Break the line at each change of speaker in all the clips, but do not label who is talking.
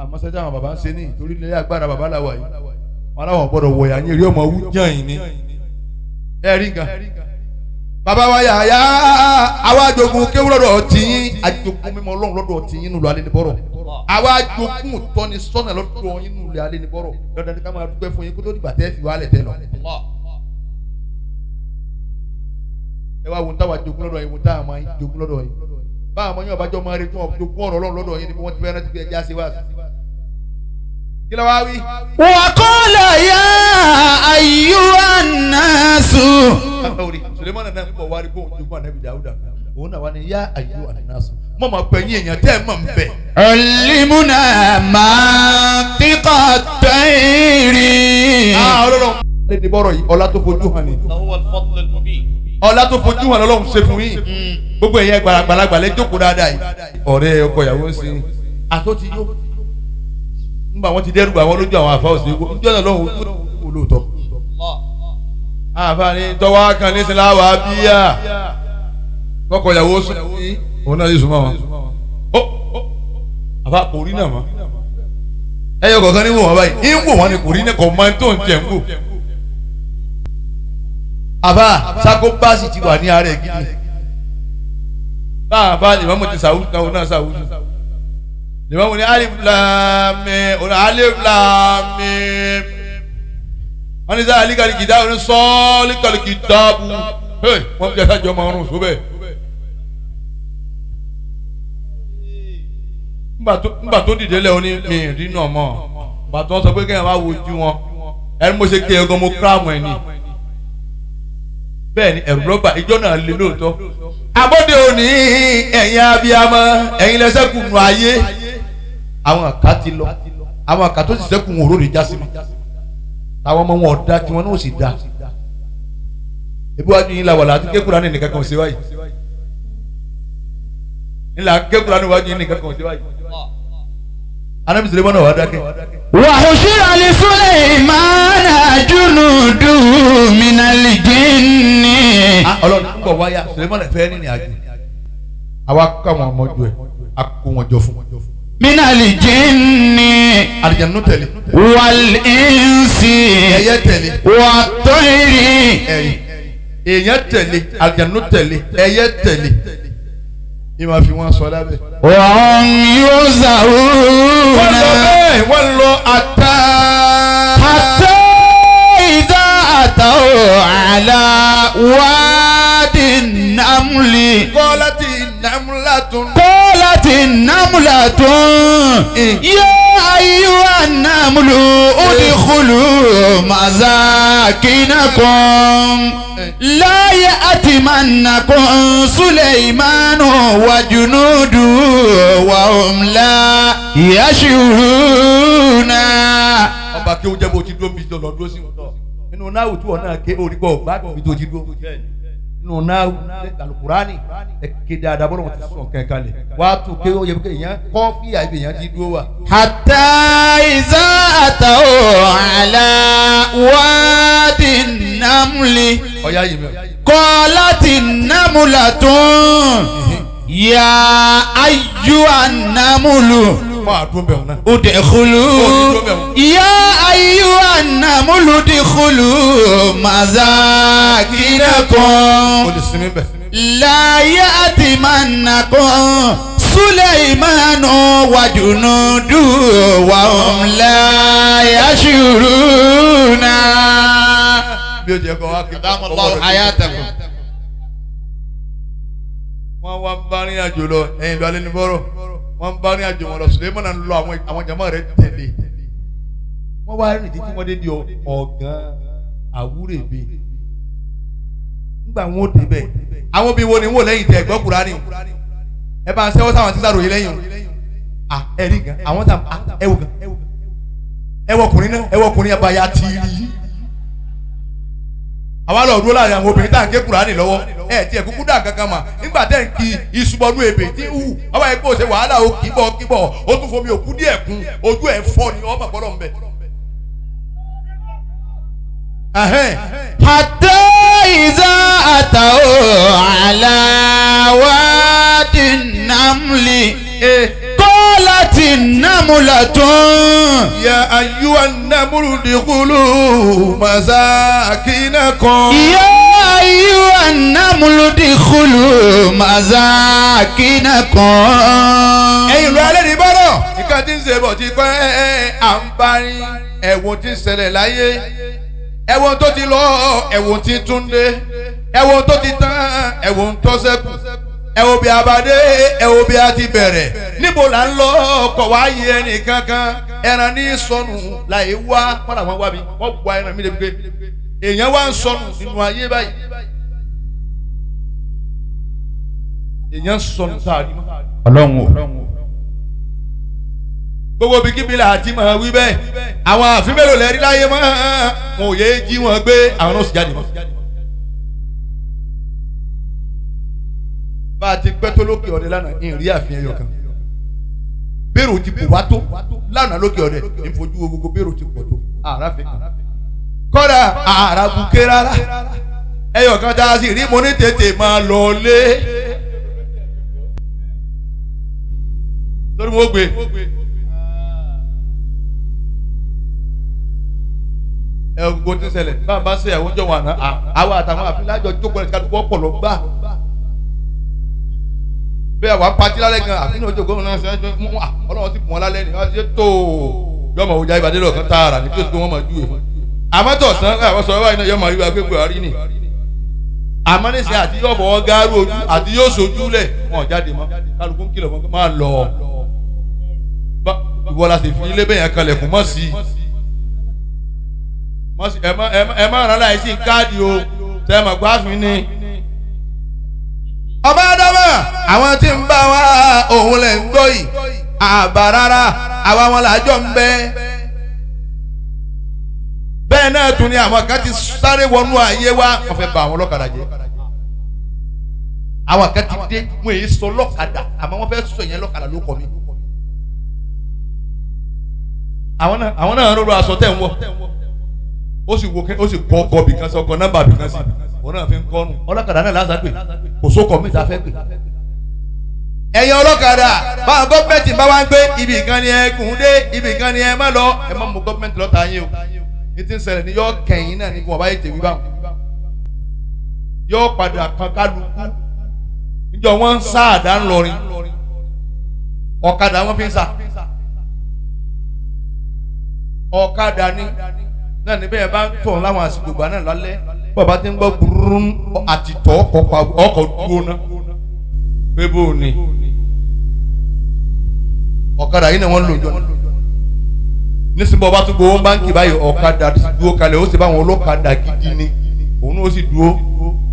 àmọ́sẹ́ táwọn bàbá ń ṣe ní torí ilé agbára bàbá làwà yìí wọn aláwọ̀ gbọ́dọ̀ wọ̀yà ní eré ọmọ wú jàn yìí ni ẹ rí nǹkan bàbá wa yàyà àwa àjogún kéwú lọ́dọ̀ tìyín àjogún mímọ́ ọlọ́run lọ́dọ̀ tìyín nílùú alẹ́ níbọ̀rọ̀ àwa àjogún tọ́ni sọ́nà lọ́dọ̀ yín nílùú alẹ́ níbọ̀rọ̀ dandan ni ká máa dúpẹ́ fún yín kó tó dìgbà tẹ́ fi wálẹ̀ tẹ́ lọ. ẹ wá wun táwa jogún lọ́dọ̀ yín wun táwa máa jogún lọ́dọ̀ yín báwa máa yín ọ̀bájọ́ máa retí wọn jogún ọ̀rọ̀ ọlọ́run lọ́dọ̀ yín ni kí ló wá wí. wà kó lọ yá ayú ànásù. sulemana náà bọ̀ wá rí bóun ju bọ́ ànábì dáúdà òun náà wá ní yá ayú ànásù mọ̀ mọ̀ pẹ̀ yín èèyàn tẹ́ ẹ̀ mọ̀ n bẹ̀. ọ̀lìmúnà máa kíkọ́ tẹ́ẹ̀rì. ọlọ́run lè ní bọ́rọ̀ yìí ọlá tó fojú hàn ní. ọlá tó fojú hàn lọ́lọ́run ṣe fún yín mm. gbogbo ẹ̀yẹ gbàlagbàlagbà lẹ́jọ́kọ̀ọ́ dáadáa yìí ọ̀rẹ́ ọkọ ìyàwó sí i àtúntì yóò nígbà wọn ti dẹ́rùbà wọn lójú àwọn àfa òsè wọ ojú ọ̀nà lọ́hùn ó lóòótọ́. àfààní tọ́wọ́ kan ní sinla wà á bíyà kọ́kọ́ ìyàwó sùn ní òun náà yìí sùn mọ́ wọn. ó àfa kò rí náà mọ́ ẹyọ kọ̀ọ̀kan ní wò wọn báyìí ń wò wọn ni kò rí náà kò máa tó ń tẹ̀ ń wò. àfa sako báàsì ti wà ní ara ẹ̀ gidi bá àfa lè má mo ti sàwùjú náà sàwùjú ní wọ́n wọ́n ní alif lami ọ̀nà alif lami wọ́n ní sáà alikali kìtá wọ́n ní sọ́ọ́lì kàlí kìtá bu wọ́n fi jata jọ máa rún so bẹ́ẹ̀. ngbà tó dìde lẹ́wọ́n ní mi rí nà mọ́ bàtọ́ sọ pé kéèyàn bá wojú wọn ẹni mo ṣe kí ẹ̀gbọ́n mo kíráàmù ẹ̀ ni bẹ́ẹ̀ ni ẹ̀rù rọ́bà náà lè lóòótọ́ abọ́dé òní ẹ̀yin abiyamọ ẹ̀yin lẹ́sẹ̀kùnú ayé àwọn àká ti lọ àwọn àká tó sì sẹ́kù wọn òróró já sí mi táwọn ọmọ wọn ọ̀dá kí wọn náà sì dá ebi wájú yín la wà láti ké Kùránì nìkan kan ṣe báyìí ńlá ké Kùránì wájú yín nìkan kan ṣe báyìí anabi sèré mọ́nà wà á dákẹ́. wàhùsùrà lè Sulaimana junudu minal jinni. ọlọ́run ń bọ̀ wáyà sèré mọ́nà fẹ́ẹ́ nínú àjò àwa kọ́ àwọn ọmọ jù ẹ̀ a wọn jọ fún wọn minali jinni. alijanu tẹ̀lé. wal insi. ẹyẹ tẹ̀lé. wa tọ́yìrì. èèyàn tẹ̀lé alijanu tẹ̀lé ẹyẹ tẹ̀lé ní ma fi wọn sọ lábẹ. wọ́n yóò zàwó. wọ́n lọ bẹ́ẹ̀ wọ́n lọ ata. ata ìdá ata ti namula tún. yóò ayiwa namulu udkhulu mazakinakum. láyé àtìmánakun suleimanu wajunudu wàhùnlá yashuruna. ọba kí o jẹ́ bó ti dúró bí lọ́dún sí wọn. inú náà wùtú ọ̀ náà ké orí kọ́ ọ̀gbá tó ti dúró nínú náà alukurani kéde àdàbọ̀ lọ́wọ́ ti sọ̀n kankan lẹ̀ wà á tún kéwọ́ yẹ kó èèyàn kọ́ fí àyè èèyàn ti dúró wa. hatta iza ataw ala wadi namli qalati namlatun ya ayyuhan namlu udkhulu ya ayyuhan muludkhulu mazakinakum la ya'timannakum suleimanu wajunudu wa hum la yashuruna. bí o jẹ kọ wá kí dáhùn lọ́wọ́ wọ́n wá bá rìn àjò lọ ẹ̀yìn ìdálẹ́nibọ́rọ̀ wọ́n bá ní àjò wọn lọ Sulemana ń lọ àwọn jama rẹ̀ tẹ̀lé wọ́n wá rìn títí wọ́n dé di ọ̀gán àwúrèbe nígbà wọn ò débẹ̀ àwọn obìnrin wo ni wọn ò lẹ́yìn tẹ̀ gbọ́ Kùránì ẹ bá ń sẹ́wọ́ sáwọn tí sáró yìí lẹ́yìn o ẹ̀rí gan àwọn tà ẹ̀wọ̀ gan ẹ̀wọ̀ ọkùnrin náà ẹ̀wọ̀ ọkùnrin yẹn tìrì àwa lọ dúró láàrin àwọn obìnrin tá à ń ké kúránì lọ́wọ́ ẹ tiẹ̀ kúkú dà kankan mà nígbà tẹ́ ń ki ìsubọnú ebè tí hù ọba yẹn pé o ṣe wàhálà o kíbọ̀ kíbọ̀ o tún fomi òkú díẹ̀ kún ojú ẹ̀ fọ́ ni ọmọ gbọ́dọ̀ ń bẹ̀. àtẹ ìzá àtàwọ̀ àlàwádìí nàmlì namulatun. ya ayu anamuru dikulu masakina kan. ya ayu anamuru dikulu masakina kan. ẹ̀yin ló alẹ́ ní bọ́rọ̀ nǹkan tí ń ṣe bọ̀ ti pẹ́ à ń bá yín ẹ̀wọ̀n tí ń ṣẹlẹ̀ láyé ẹ̀wọ̀n tó ti lọ ẹ̀wọ̀n tí tún dé ẹ̀wọ̀n tó ti tán ẹ̀wọ̀n tó ṣẹ́kù ẹ wo bí a bá dé ẹ wo bí a ti bẹ̀rẹ̀ níbo là ń lọ ọkọ̀ wá yẹ ẹnì kankan ẹran ní sọnù láì wá padà wọn wá mi wọn wá ẹran mi lè gbé èèyàn wá ń sọnù nínú ayé báyìí èèyàn sọnù sáàrí ọlọ́run o gbogbo bí kíbi là á ti máa wí bẹ́ẹ̀ àwọn àfin mélòó lẹ́rí láyé mọ́ wọn ò yéé jí wọn gbé àwọn náà sì jáde mọ́. bá a ti pẹ́ tó lókè ọ̀dẹ lánàá ìrìn àfihàn yọkan bẹ́ẹ̀rù ti bù wá tó lánàá lókè ọ̀dẹ ìfojú gbogbo bẹ́ẹ̀rù ti pọ̀ tó àrà fi kàn kọ́dà àrà bùkẹ́ rárá ẹyọ kan tá a sì rí mo ní tètè máa lọ lé torí mo gbé. ẹ gbogbo tí ń bá a bá ṣe ìyàwó jọ̀wọ́ àná àwa àtàwọn àfin lájọ jókòó ẹ̀ ká ló wọ́pọ̀ lọ́gbà bẹ́ẹ̀ wà á patí lálẹ́ gan àfi ní ojú gómìnà ṣe ṣe mú wa ọlọ́run ti pọ̀ lálẹ́ ni wọ́n ti ṣe tó yọmọ òjá ìbàdí lọ kan tààrà ní kílódé wọn mọ̀ ju èfọ́ àmọ́ tó sàn àwọn sọ̀rọ̀ wáyé náà yọmọ ìwà gbégbé wa rí ni àmọ́ ní sẹ́ àti yóò fọwọ́ gáárù ojú àti yóò sojú lẹ̀ wọn jáde mọ́ kálukú ń kìlọ̀ mọ́ máa lọ ìwọ la sì fi ilé bẹ́yẹn kalẹ̀kùn mọ́ sí ẹ má àwọn tí ń bá wa òun lẹ̀ ń gbọ́ yìí àbá rárá àwa wọn làjọ ń bẹ bẹ́ẹ̀ náà tún ni àwọn kan ti sáré wọnú ayé wa wọ́n fẹ́ ba àwọn ọlọ́kadà jẹ́ àwọn kan ti dé wọ́n èyí sọ lọ́kadà àmọ́ wọ́n fẹ́ sọ ìyẹn lọ́kadà ló kọ́ mi àwọn náà àwọn ń rọrọ aṣọ tẹ̀ ń wọ̀ ó sì kọ́ ọkọ̀ bìkan sí ọkọ̀ nọ́mbà bìkan sí òun náà fi ń kọ́rùn ọlọ́kadà náà lásán pè kò sókọ̀ mi ta fẹ́ pè. ẹ̀yin ọlọ́kadà báwọn gọ́ọ̀mẹ̀ntì bá wá ń gbé ibì kan ni ẹ kùn dé ibì kan ni ẹ má lọ ẹ má mú gọ́ọ̀mẹ̀ntì lọ́ta yín o ní ti ń ṣẹlẹ̀ ní yọ kẹ̀yìn náà ní kí wọ́n bá yẹ yọ padà kan kálukú níjọ wọn ń sá àdá ńlọrin ọ̀kadà wọn fi ń sá ọ̀kadà ni náà níbẹ̀ bá ń tọ̀ láwọn àsìkò ìgbà náà lálẹ́ bàbá tí ń gbọ́ gbúrún àti tọ́ ọkọ̀ pa ọkọ̀ dúró ná pé bó o ní ọ̀kadà yìí ni wọ́n lò jọ nísìnyí ọba tó gbowó báńkì báyìí ọ̀kadà dúró kalẹ̀ ó sì bá àwọn olókadà gidi ni òun ó sì dúró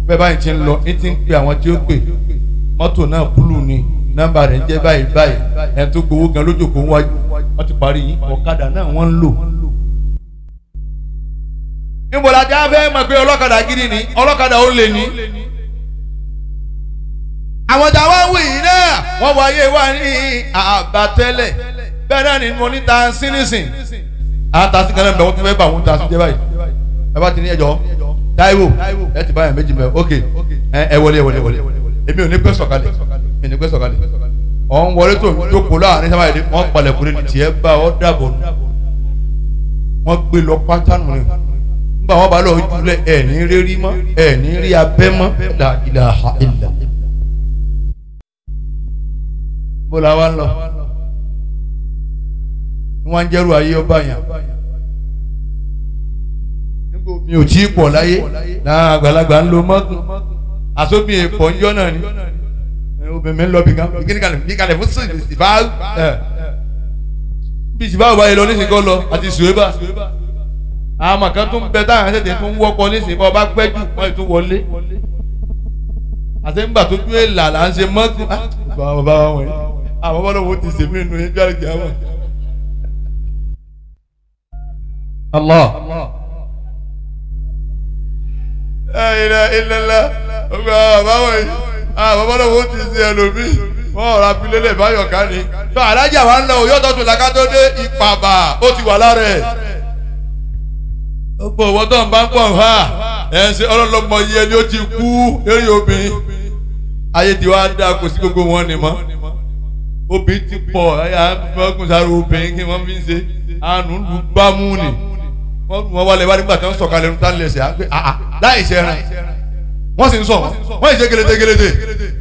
bẹ́ẹ̀ báyìí ti ń lọ ní ti ń pe àwọn tí ó pè mọ́tò náà búlù ni nọ́mbà rẹ̀ ń jẹ́ báyìí báyìí ẹ̀ tó gbowó gan lójókòó wájú wọ́n ti parí ọ̀kadà náà wọ́n ń lò níbo la ti á fẹ́ mọ̀ pé ọlọ́kadà gidi ni ọlọ́kadà ó lè ní. àwọn tá a wá ń wì yìí náà wọ́n wáyé wá ní àbátẹ́lẹ̀ bẹ́ẹ̀ náà ni mo ní ta sí nísìn àtàsí kan náà bẹ̀ wọ́n ti fẹ́ bà wọ́n ta sí jẹ́ báyìí ẹ bá ti ní ẹjọ́ Táíwò ẹ ti báyà méjì mẹ́rin ok ẹ wọlé ẹ wọlé ẹ wọlé èmi ò ní pẹ́ sọ̀kalẹ̀ mi ní pẹ́ sọ̀kalẹ̀ ọ̀n wọlé tó jókòó láàrin sábà yìí wọ́n palẹ̀ kúrẹ́ ní tiẹ̀ bá ọ dàbọ̀ wọ́n gbé lọ pátánù rẹ̀ nígbà wọn bá lọ jùlẹ ẹ ní rírí mọ ẹ ní rí abẹ mọ la ilaha illa. bó la wá ń lọ wọn ń jẹrù ayé ọba yẹn mi ò tí ì pọ̀ láyé náà àgbàlagbà ń lo mọ́gùn àsóbì èèpọ̀ ń yọ náà ni obìnrin lọ bìkan bí kalẹ̀ fún sèbá bí sèbá ò bá yẹ lọ ní sèkọ́ lọ àti sùwébà àmọ́ kan tún bẹ táwọn àṣẹ̀tẹ̀ tún wọ́pọ̀ nísìnyí bọ́ bá pẹ́ jù wọ́n tún wọlé àti ńgbà tó tún èlà là ń ṣe mọ́tò ah, bàbá bàbá wọn yìí àwọn bọ́dọ̀ wo ti ṣe mí nínú ẹjọ́ àrùn kìá wọn. Allah ẹ̀yìnlá ọgbà bàbá wọn yìí àwọn bọ́dọ̀ wo ti ṣe ẹlòmíì wọ́n rà pilẹ̀lẹ̀ báyọ̀ ká ni. tó alájà wa ń lọ òyọ́tọ̀ tó dé ìpàbà ó ti wà lára ẹ̀ gbogbo ìwọ tó ń bá ń pọ̀ fà ẹ̀ ń ṣe ọlọ́lọ́mọ yẹ ni ó ti kú eré obìnrin ayé ti wá dá kò sí gbogbo wọn ni mọ́ obìnrin ti pọ̀ ọkùnrin sáré obìnrin kí wọ́n fi ń ṣe àánú lù gbámú ni wọ́n wálé wá nígbà tí wọ́n sọ̀kalẹ̀ ń tán lẹ̀ ṣe àgbẹ̀ láì ṣẹ́ran wọ́n sì ń sọ wọ́n ì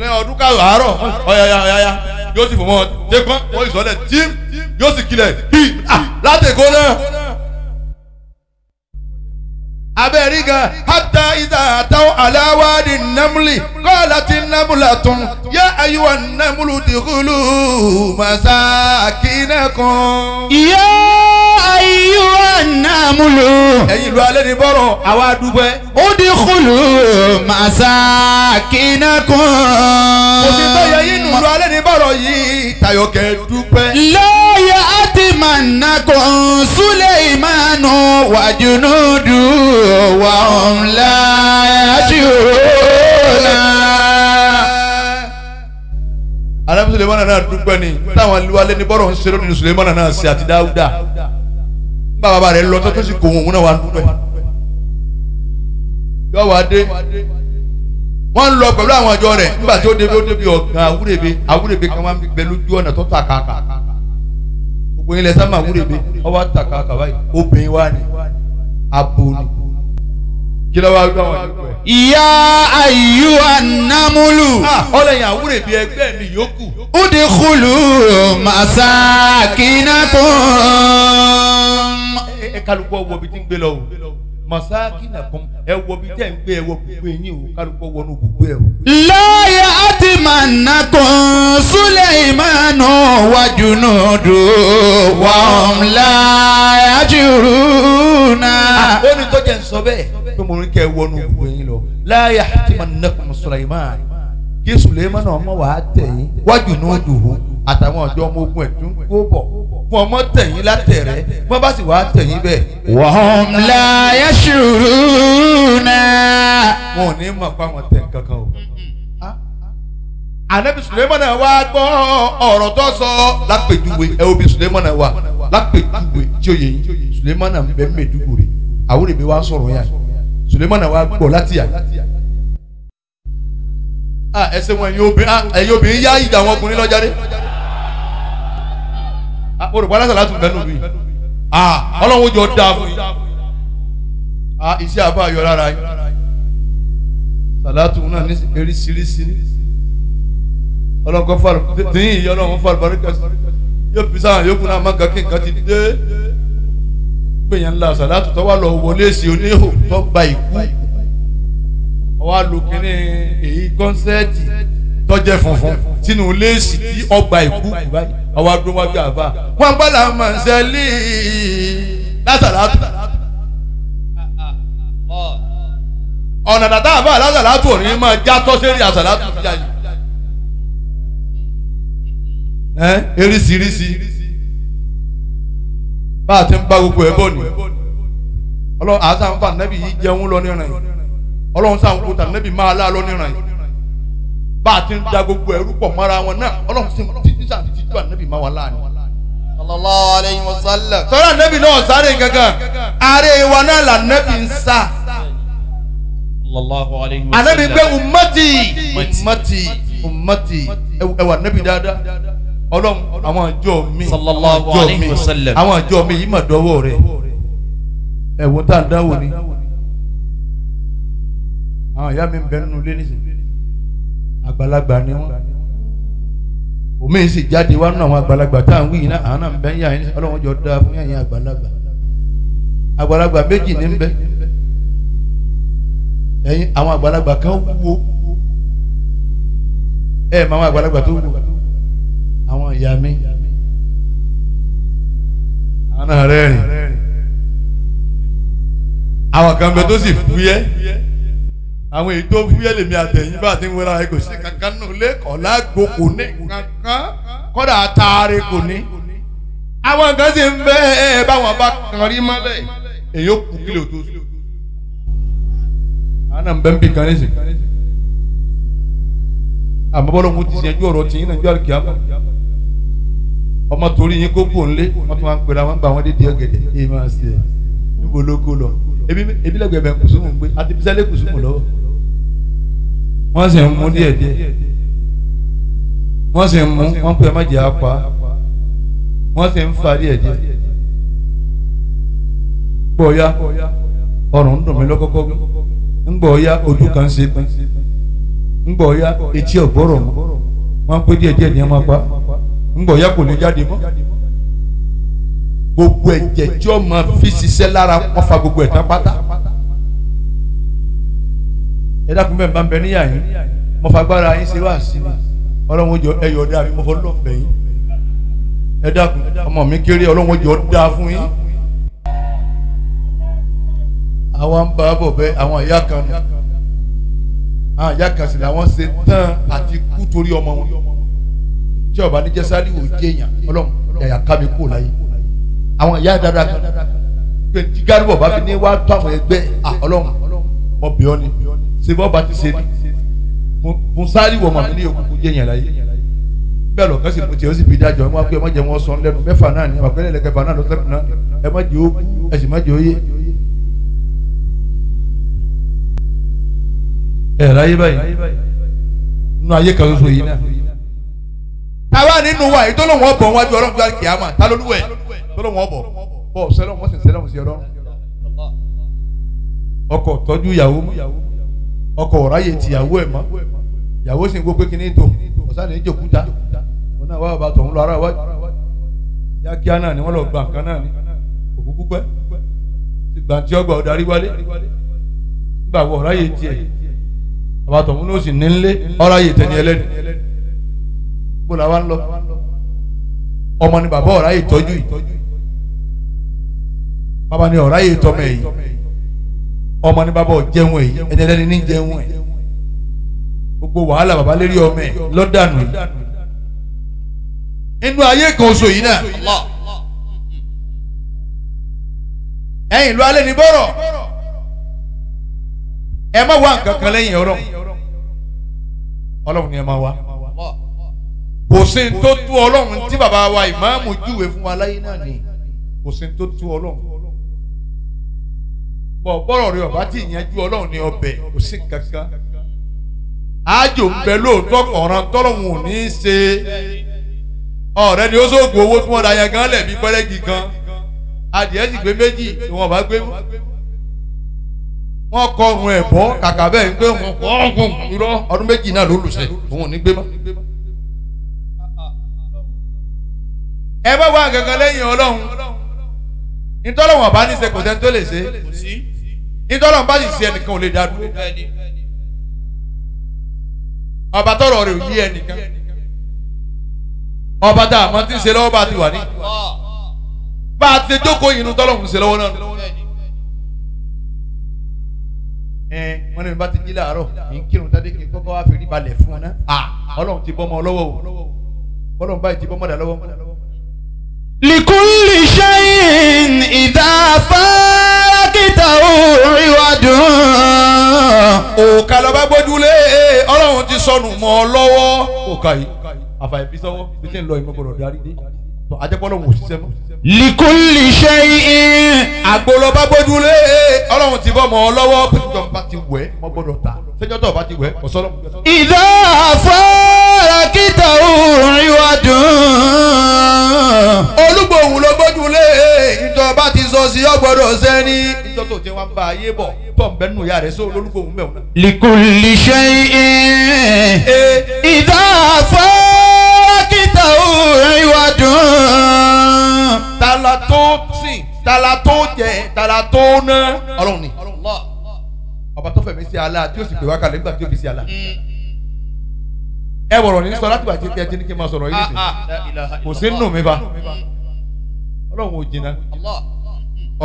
lẹ́yìn ọdún ká àárọ̀ ọ̀yàyà ọ̀yàyà yóò sì fò mọ́ tẹ́gbọ́n wọ́n ìsọ̀lẹ̀ tím yóò sì kilẹ̀ bíi ah, látẹ̀kọ́ náà abẹ́rí gan hata ida ataw aláwádi namuli kọ́láti namula tún yá ayuwa namulu dìgúlù masakinakum. yá ayuwa namulu. ẹ̀yin lu alẹ́ ní bọ́rọ̀ àwa dúpẹ́. ó di kúlù masakinakum. kò sí tó yẹ yín lu alẹ́ ní bọ́rọ̀ yìí tayọ̀kẹ́ dúpẹ́. lọ́ọ̀yà àti mànàkùn suleimanu wàjúnúdùn. وهم لا يشعرون anabi sulemana náà dúpẹ́ ni táwọn luwalé ní bọ́rọ̀ ń ṣe lónìí sulemana náà ṣe àti dáúdà nígbà bàbá rẹ̀ lọ tó tó sì kó òun náà wà dúpẹ́ yọ wá dé wọ́n ń lọ pẹ̀lú àwọn àjọ rẹ̀ nígbà tí ó débi ó débi ọ̀gá awúrèbe awúrèbe kan wá ń bẹ lójú ọ̀nà tó ta kàkà gbogbo yín sábà awúrèbe ọwọ́ ta kàkà báyìí obìnrin wa ni abo ni kí ló wá gbà wọn nípa ìyá ayú anamulu. Ah, ọlọ́yin àwúrẹ̀ bíi ẹgbẹ́ mi yòókù. ó di kulu masakinakum. ẹ kálukú ọwọ́ bíi ti ń gbé lọ o masakinakum ẹ wọ bíi tẹ́ ń gbé ẹ wọ gbogbo eyín o kálukú ọwọ́ nù gbogbo ẹ o. láyé àti mànàkùn suleimanu wajunudu wàhùn láyájúrú náà. Ah, ó ní tó jẹ́ ń bẹ́ẹ̀ pé mo ní kẹ́ ẹ wọnú gbogbo yín lọ láyà tí mo nà kún Sulaiman kí Sulaiman náà mọ̀ wàá tẹ̀yìn wájú ní odò àtàwọn ọ̀dọ́ ọmọ ogun ẹ̀dùn kó bọ̀ fún ọmọ tẹ̀yìn látẹ̀rẹ́ wọ́n bá sì wàá tẹ̀yìn bẹ́ẹ̀. wọ́n láyà ṣùrù náà. wọn ò ní mọ̀ pa àwọn tẹ̀ kankan o. Ah, ànábì Sulaiman náà gbọ́ ọ̀rọ̀ tó sọ lápèjúwe ẹ̀ òbí Sulaiman náà tí ó yẹ yín Sulaiman náà bẹ́ẹ̀ mẹ́ẹ̀dúgbò rẹ̀ àwòrán mi wá yàrá. Sulemana wa gbọ́ láti yà ah ẹsẹ wọn ẹyin obìnrin yá ìjà àwọn ọkùnrin lọ́jà dé olùkọ́ aláṣà láti bẹ́ẹ̀ nù mí ah ọlọ́run jọ dáa fún yín ah iṣẹ́ àbá ayọ̀ rárá yín sàlátù náà ní eríṣiríṣi ọlọ́run kọ́ fàlù tí yìí ọlọ́run fàlù bàríkà yóò fi sáà yókù náà má kàkí nǹkan ti dé gbẹ̀yàn ńlá sàlátù tó wà lọ wọlé sí oníhò tó gba ìkú ọwọ́ alùpùpù èyí kọ́nsẹ́ẹ̀tì tọ́jẹ́ funfun sínú léèsì tí ọgbà ìkú ọwọ́ adúmọ́jú àbá wọn gbọ́dọ̀ máa ń sẹ́lẹ̀ lásàlátù ọ̀nà tàtà àbá lásàlátù ò máa já tọ́sẹ́rì àsàlátù fíjà yìí eríṣiríṣi bá a ti ń bá gbogbo ẹ̀ bọ̀ ni ọlọ́run àá sàn fà nẹ́bí yìí jẹun lọ níran yìí ọlọ́run sàn kú tà nẹ́bí máa lá lọ níran yìí bá a ti ń da gbogbo ẹ̀rú pọ̀ mọ́ra wọn náà ọlọ́run sì ti sàn ti tú ànẹ́bí máa wà láàánú. sallallahu alayhi wa sallam. tọ́lá ànẹ́bí náà sáré gangan ààrẹ wa náà là ànẹ́bí ń sá. ànẹ́bí pé ummati ummati ummati ẹwà ànẹ́bí dáadáa ọlọ́run àwọn àjọ mi sallallahu alayhi wa sallam àwọn àjọ mi yìí mà dọ́wọ́ rẹ̀ ẹ̀wọ̀n tá à ń dáwọ̀ ni àwọn ìyá mi ń bẹ nínú ilé nísìnyí àgbàlagbà ni wọn omi sì jáde wá nínú àwọn àgbàlagbà tá à ń wí yìí náà àwọn náà ń bẹ ń yà yín ọlọ́run jọ dáa fún yàyín àgbàlagbà àgbàlagbà méjì ní ń bẹ ẹ̀yin àwọn àgbàlagbà kan wúwo ẹ̀ àwọn àgbàlagbà tó wúwo ìyá mi àánà rẹ̀ rìn àwọn kan bẹ tó sì fúyẹ́ àwọn èyí tó fúyẹ́ lèmi àtẹ̀yìn bá ti ń wẹra ẹ kò sí kankan náà lẹ́kọ̀ọ́ lágbo kò ní kankan kọ́dà àtàrí kò ní àwọn kan sì ń bẹ ẹ báwọn bá kàn rí mọ́lẹ̀ èyí ó kú kílò tó sí. àánà ń bẹ́ ń kan nísìnyí àmọ́ bọ́lá òun ti sẹ́jú ọ̀rọ̀ tì nàìjíríà kìá mọ́ ọmọ torí yín kó kò ń lé wọn tún máa ń pera wọn gba wọn dédé ọ̀gẹ̀dẹ̀ èyí máa ṣe ẹ níbo ló kó lọ ebi lẹgbẹbẹ kùsùmù ń gbé àti bisalẹ kùsùmù lọ́wọ́ wọn sì ń mú díẹ̀ díẹ̀ wọn sì ń mú wọn pè má jẹ apá wọn sì ń fa díẹ̀ díẹ̀ ọrùn ń dùn mí lọ́kọ́kọ́ ń gbọ̀ọ́yá ojú kan ṣe pín ń gbọ̀ọ́yá etí ọ̀gbọ́rọ̀ mọ́ wọn pé díẹ̀ díẹ̀ ní máa pa ńgbọ̀ yẹ kò lè jáde mọ́ gbogbo ẹ̀jẹ̀ tí ó máa fi ṣiṣẹ́ lára wọ́n fa gbogbo ẹ̀tàn pátá ẹ dákun bẹ́ẹ̀ bá ń bẹ níyà yín mo fagbára yín ṣe wá sí i ọlọ́run ojú ẹyọ dáa mi mo fọ́ lọ́ọ̀bẹ yín ẹ dákun ọmọ mi kéré ọlọ́run ojú ọ dáa fún yín àwọn ń bá bọ̀ bẹ́ àwọn ìyá kan nù àwọn ìyá kan sì làwọn ṣe tán àti kú torí ọmọ wọn tí ọba ní jẹsàlì ò jẹyàn Ọlọ́run yàyà kámi kó láyé àwọn ìyá dáadáa kan pẹ̀lú garibu ọba fi ní wàá tó àwọn ẹgbẹ́ Ọlọ́run mọ bíọ́ ni sèbí ọba ti ṣe ni musali wọ̀ màmí ní yòókù jẹyàn láyé bẹ́ẹ̀ lọ kẹ́sì mo tiẹ̀ ó sì fi dájọ́ ẹ má pé ẹ má jẹ wọn sọ lẹ́nu mẹ́fà náà ni àwọn akẹ́lẹ́ lẹ́kẹ̀fà náà lọ́sẹ̀ náà ẹ má jẹ ó ẹ sì má jẹ ó ẹ̀ láyé báyìí nínú ayé kan ṣoṣo yìí náà táwa nínú wa èyí tó lóun ọ̀bọ̀ wájú ọlọ́run gbá kìámà tá lólúwẹ̀ tó lóun ọ̀bọ̀ bọ̀ sẹ́lọ̀ wọ́n sì sẹ́lọ̀ sí ọlọ́run. ọkọ tọ́jú ìyàwó ọkọ ọ̀ráyè ti ìyàwó ẹ̀ mọ́ ìyàwó sì ń gbọ́ pé kí ni tó ọ̀sán ní jòkúta wọn náà wá bàbá tọ̀hún lọ ara wájú yákíá náà ni wọ́n lọ gbà nǹkan náà ni òkú púpẹ́ gbàǹtí ọgbà ọ̀darí wálé nígbà wọ ọ̀ráyè tiẹ̀ bàbá tọ̀hún ló sì ní nlé ọ̀ráyè tẹ̀ni ẹlẹ́ni bó la wá ń lọ ọmọ ni bàbá ọ̀rá yìí tọ́jú yìí bàbá ni ọ̀rá yìí tọ́mọ yìí ọmọ ni bàbá ọ̀jẹun yìí ẹ̀dẹ̀dẹ̀ ni jẹun yìí gbogbo wàhálà bàbá lérí ọmọ ẹ̀ lọ́dànù yìí inú ayé kan oṣù yìí náà ẹ̀yìn ló alẹ́ ní bọ́rọ̀ ẹ má wá nǹkan kan lẹ́yìn ọ̀rọ̀ ọlọ́run ni ẹ má wá kò sí ní tó tú ọlọ́run tí bàbá wa ìmáàmù júwe fún wa láyé náà ni kò sí ní tó tú ọlọ́run bọ̀ bọ́rọ̀ rẹ ọ̀bá tí ìyẹnjú ọlọ́run ní ọbẹ̀ kò sí kankan ájò ń bẹ lóòótọ́ ọ̀ràn tọ́lọ́hún ò ní í ṣe ọ̀rẹ́ ni ó sóògùn owó tí wọ́n da yẹn gan lẹ́ẹ̀mí pẹ́rẹ́gì kan adìẹ sì gbé méjì ni wọ́n bá gbé mú wọ́n kọrun ẹ̀bọ́ kàkà bẹ́ẹ̀ ń gbé wọn ọdún méjì náà ló òun ò ní gbé mọ́. ẹ bá wá nǹkan kan lẹ́yìn ọlọ́run ìtọ́lọ́wọ̀n bá ní ṣe kò sẹ́ni tó lè ṣe ìtọ́lọ́wọ̀n bá sì ṣe ẹnìkan ò lè dá dúró ọba tọrọ rẹ ò yí ẹnìkan ọba tá a mọ tí ń ṣe lọ́wọ́ bá ti wà ní bá a ti jókòó yìí nu tọ́lọ́hún ṣe lọ́wọ́ náà ẹ wọn ní bá ti jí làárọ̀ kì í kírun tádé kì í kọ́kọ́ wá fi rí balẹ̀ fún un náà ọlọ́run ti bọ́ ọmọ lọ́wọ́ o ọlọ́run báyìí ti bọ́ ọmọdà lọ́wọ́ لكل شيء إذا فاقته عوض òkà lọ́ba gbójúlé ọlọ́run ti sọnù mọ́ ọ lọ́wọ́ òkà yìí àfàìbísọ́wọ́ bí tí ń lọ ìmọ̀gbọ̀rọ̀ darí dé ajẹ́pọ̀lọ́ wò ṣiṣẹ́ mọ́. likuli ṣe é. àgbòlọ bá gbójú lé ọlọ́run ti bọ́ mọ́ ọ lọ́wọ́ pẹ̀lú bá ti wẹ̀ mọ́ gbọ́dọ̀ ta sẹ́jọ́ tó bá ti wẹ̀ kò sọ́lọ́. ìdá àfọ́ra kíta òórùn ìwà dùn. olúgbòhùn ló gbójú ìjọba ti sọ sí ọgbọ́dọ̀ sẹ́ni. ìjọ tó ti bá ayé bọ̀ tọ́ ń bẹ́nu ìyá rẹ̀ sóò lólúgbòhùn mẹ́wọ̀n. likuli ṣe é. ìdá àfọ́ tala tó jẹ tala tó ná ọlọ́run ni ọba tó fẹ̀mí sí ala tí ó sì pè wá kalẹ̀ nígbà tí ó fi sí ala ẹ wọ̀rọ̀ ní sọ láti bàjẹ́ tí ẹ ti ní kí n máa sọ̀rọ̀ yìí nìyí kò sí nù mí ba ọlọ́run ò jìnnà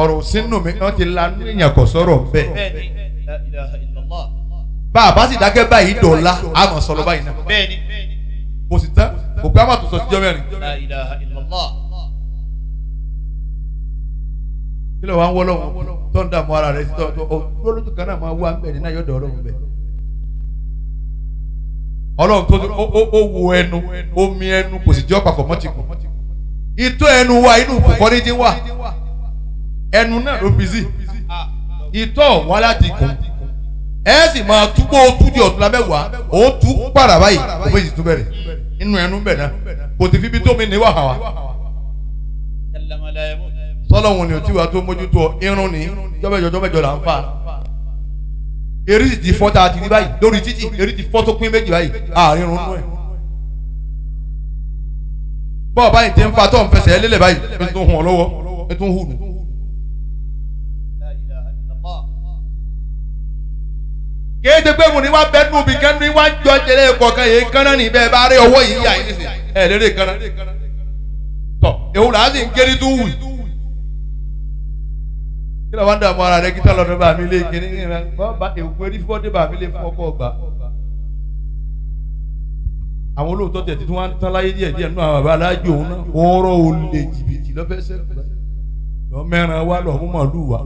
ọ̀rọ̀ ò sí nù mí wọ́n ti la nínú èèyàn kò sọ̀rọ̀ bẹ́ẹ̀ bá a bá sì dákẹ́ báyìí dọ̀la a mọ̀ sọ̀rọ̀ báyìí náà kò sì tán kò pé a máa tó sọ síjọ́ mẹ́rin. kí ló wá ń wọ́ lọ́wọ́ tó ń dààmú ara rẹ̀ sí tọ́ olójú kan náà máa wá ń bẹ̀ ní náà yóò dọ̀ ọlọ́run bẹ̀. ọlọ́run tó ó wo ẹnu omi ẹnu kò sì jọ́ papọ̀ mọ́ ti kù itó ẹnu wa inú kòkó ní ti wà ẹnu náà ló bí sí wà láti kù ẹ sì máa túbọ̀ túdì ọ̀tún lábẹ́wàá ó tú pàrà báyìí kò méjì tún bẹ̀rẹ̀ inú ẹnu bẹ̀ náà kò ti fi bí tómi níwà hàn tọ́lọ́hún ni ò tí wàá tó mójútó irun ni jọ́bẹ̀jọ jọ́bẹ̀jọ là ń fà eré ti di fọ́ tá a ti rí báyìí lórí títì eré ti fọ́ tó pín méjì báyìí àárín irun nú ẹ̀ bọ́ọ̀ báyìí ti ń fa tó ń fẹsẹ̀ lélẹ̀ báyìí ẹ̀ tó ń hùn ọ́ lọ́wọ́ ẹ̀ tó ń hùn nù. kéde pé mo ní wá bẹ́ẹ̀ nù bí kán ní wá jọ jẹlẹ̀ kọ̀ọ̀kan yìí kán náà ní bẹ́ẹ̀ bá rí ọwọ́ yìí yà yìí ẹ̀ lédè kán náà. tọ́ èwo sì ń kéré tó wù yìí kí lọ́wọ́ ń dààmú ara rẹ kí tọ́ bá mi lé kíní ìrìn bá èkó erí dé bá mi lé fún ọkọ̀ àwọn olóòótọ́ tẹ̀ tí wọ́n ń tán láyé díẹ̀ díẹ̀ nínú àwọn bàbá òun náà wọ́n olè jìbìtì lọ́fẹ̀ẹ́sẹ̀ lọ mẹ́ran wá lọ mú màálù wá.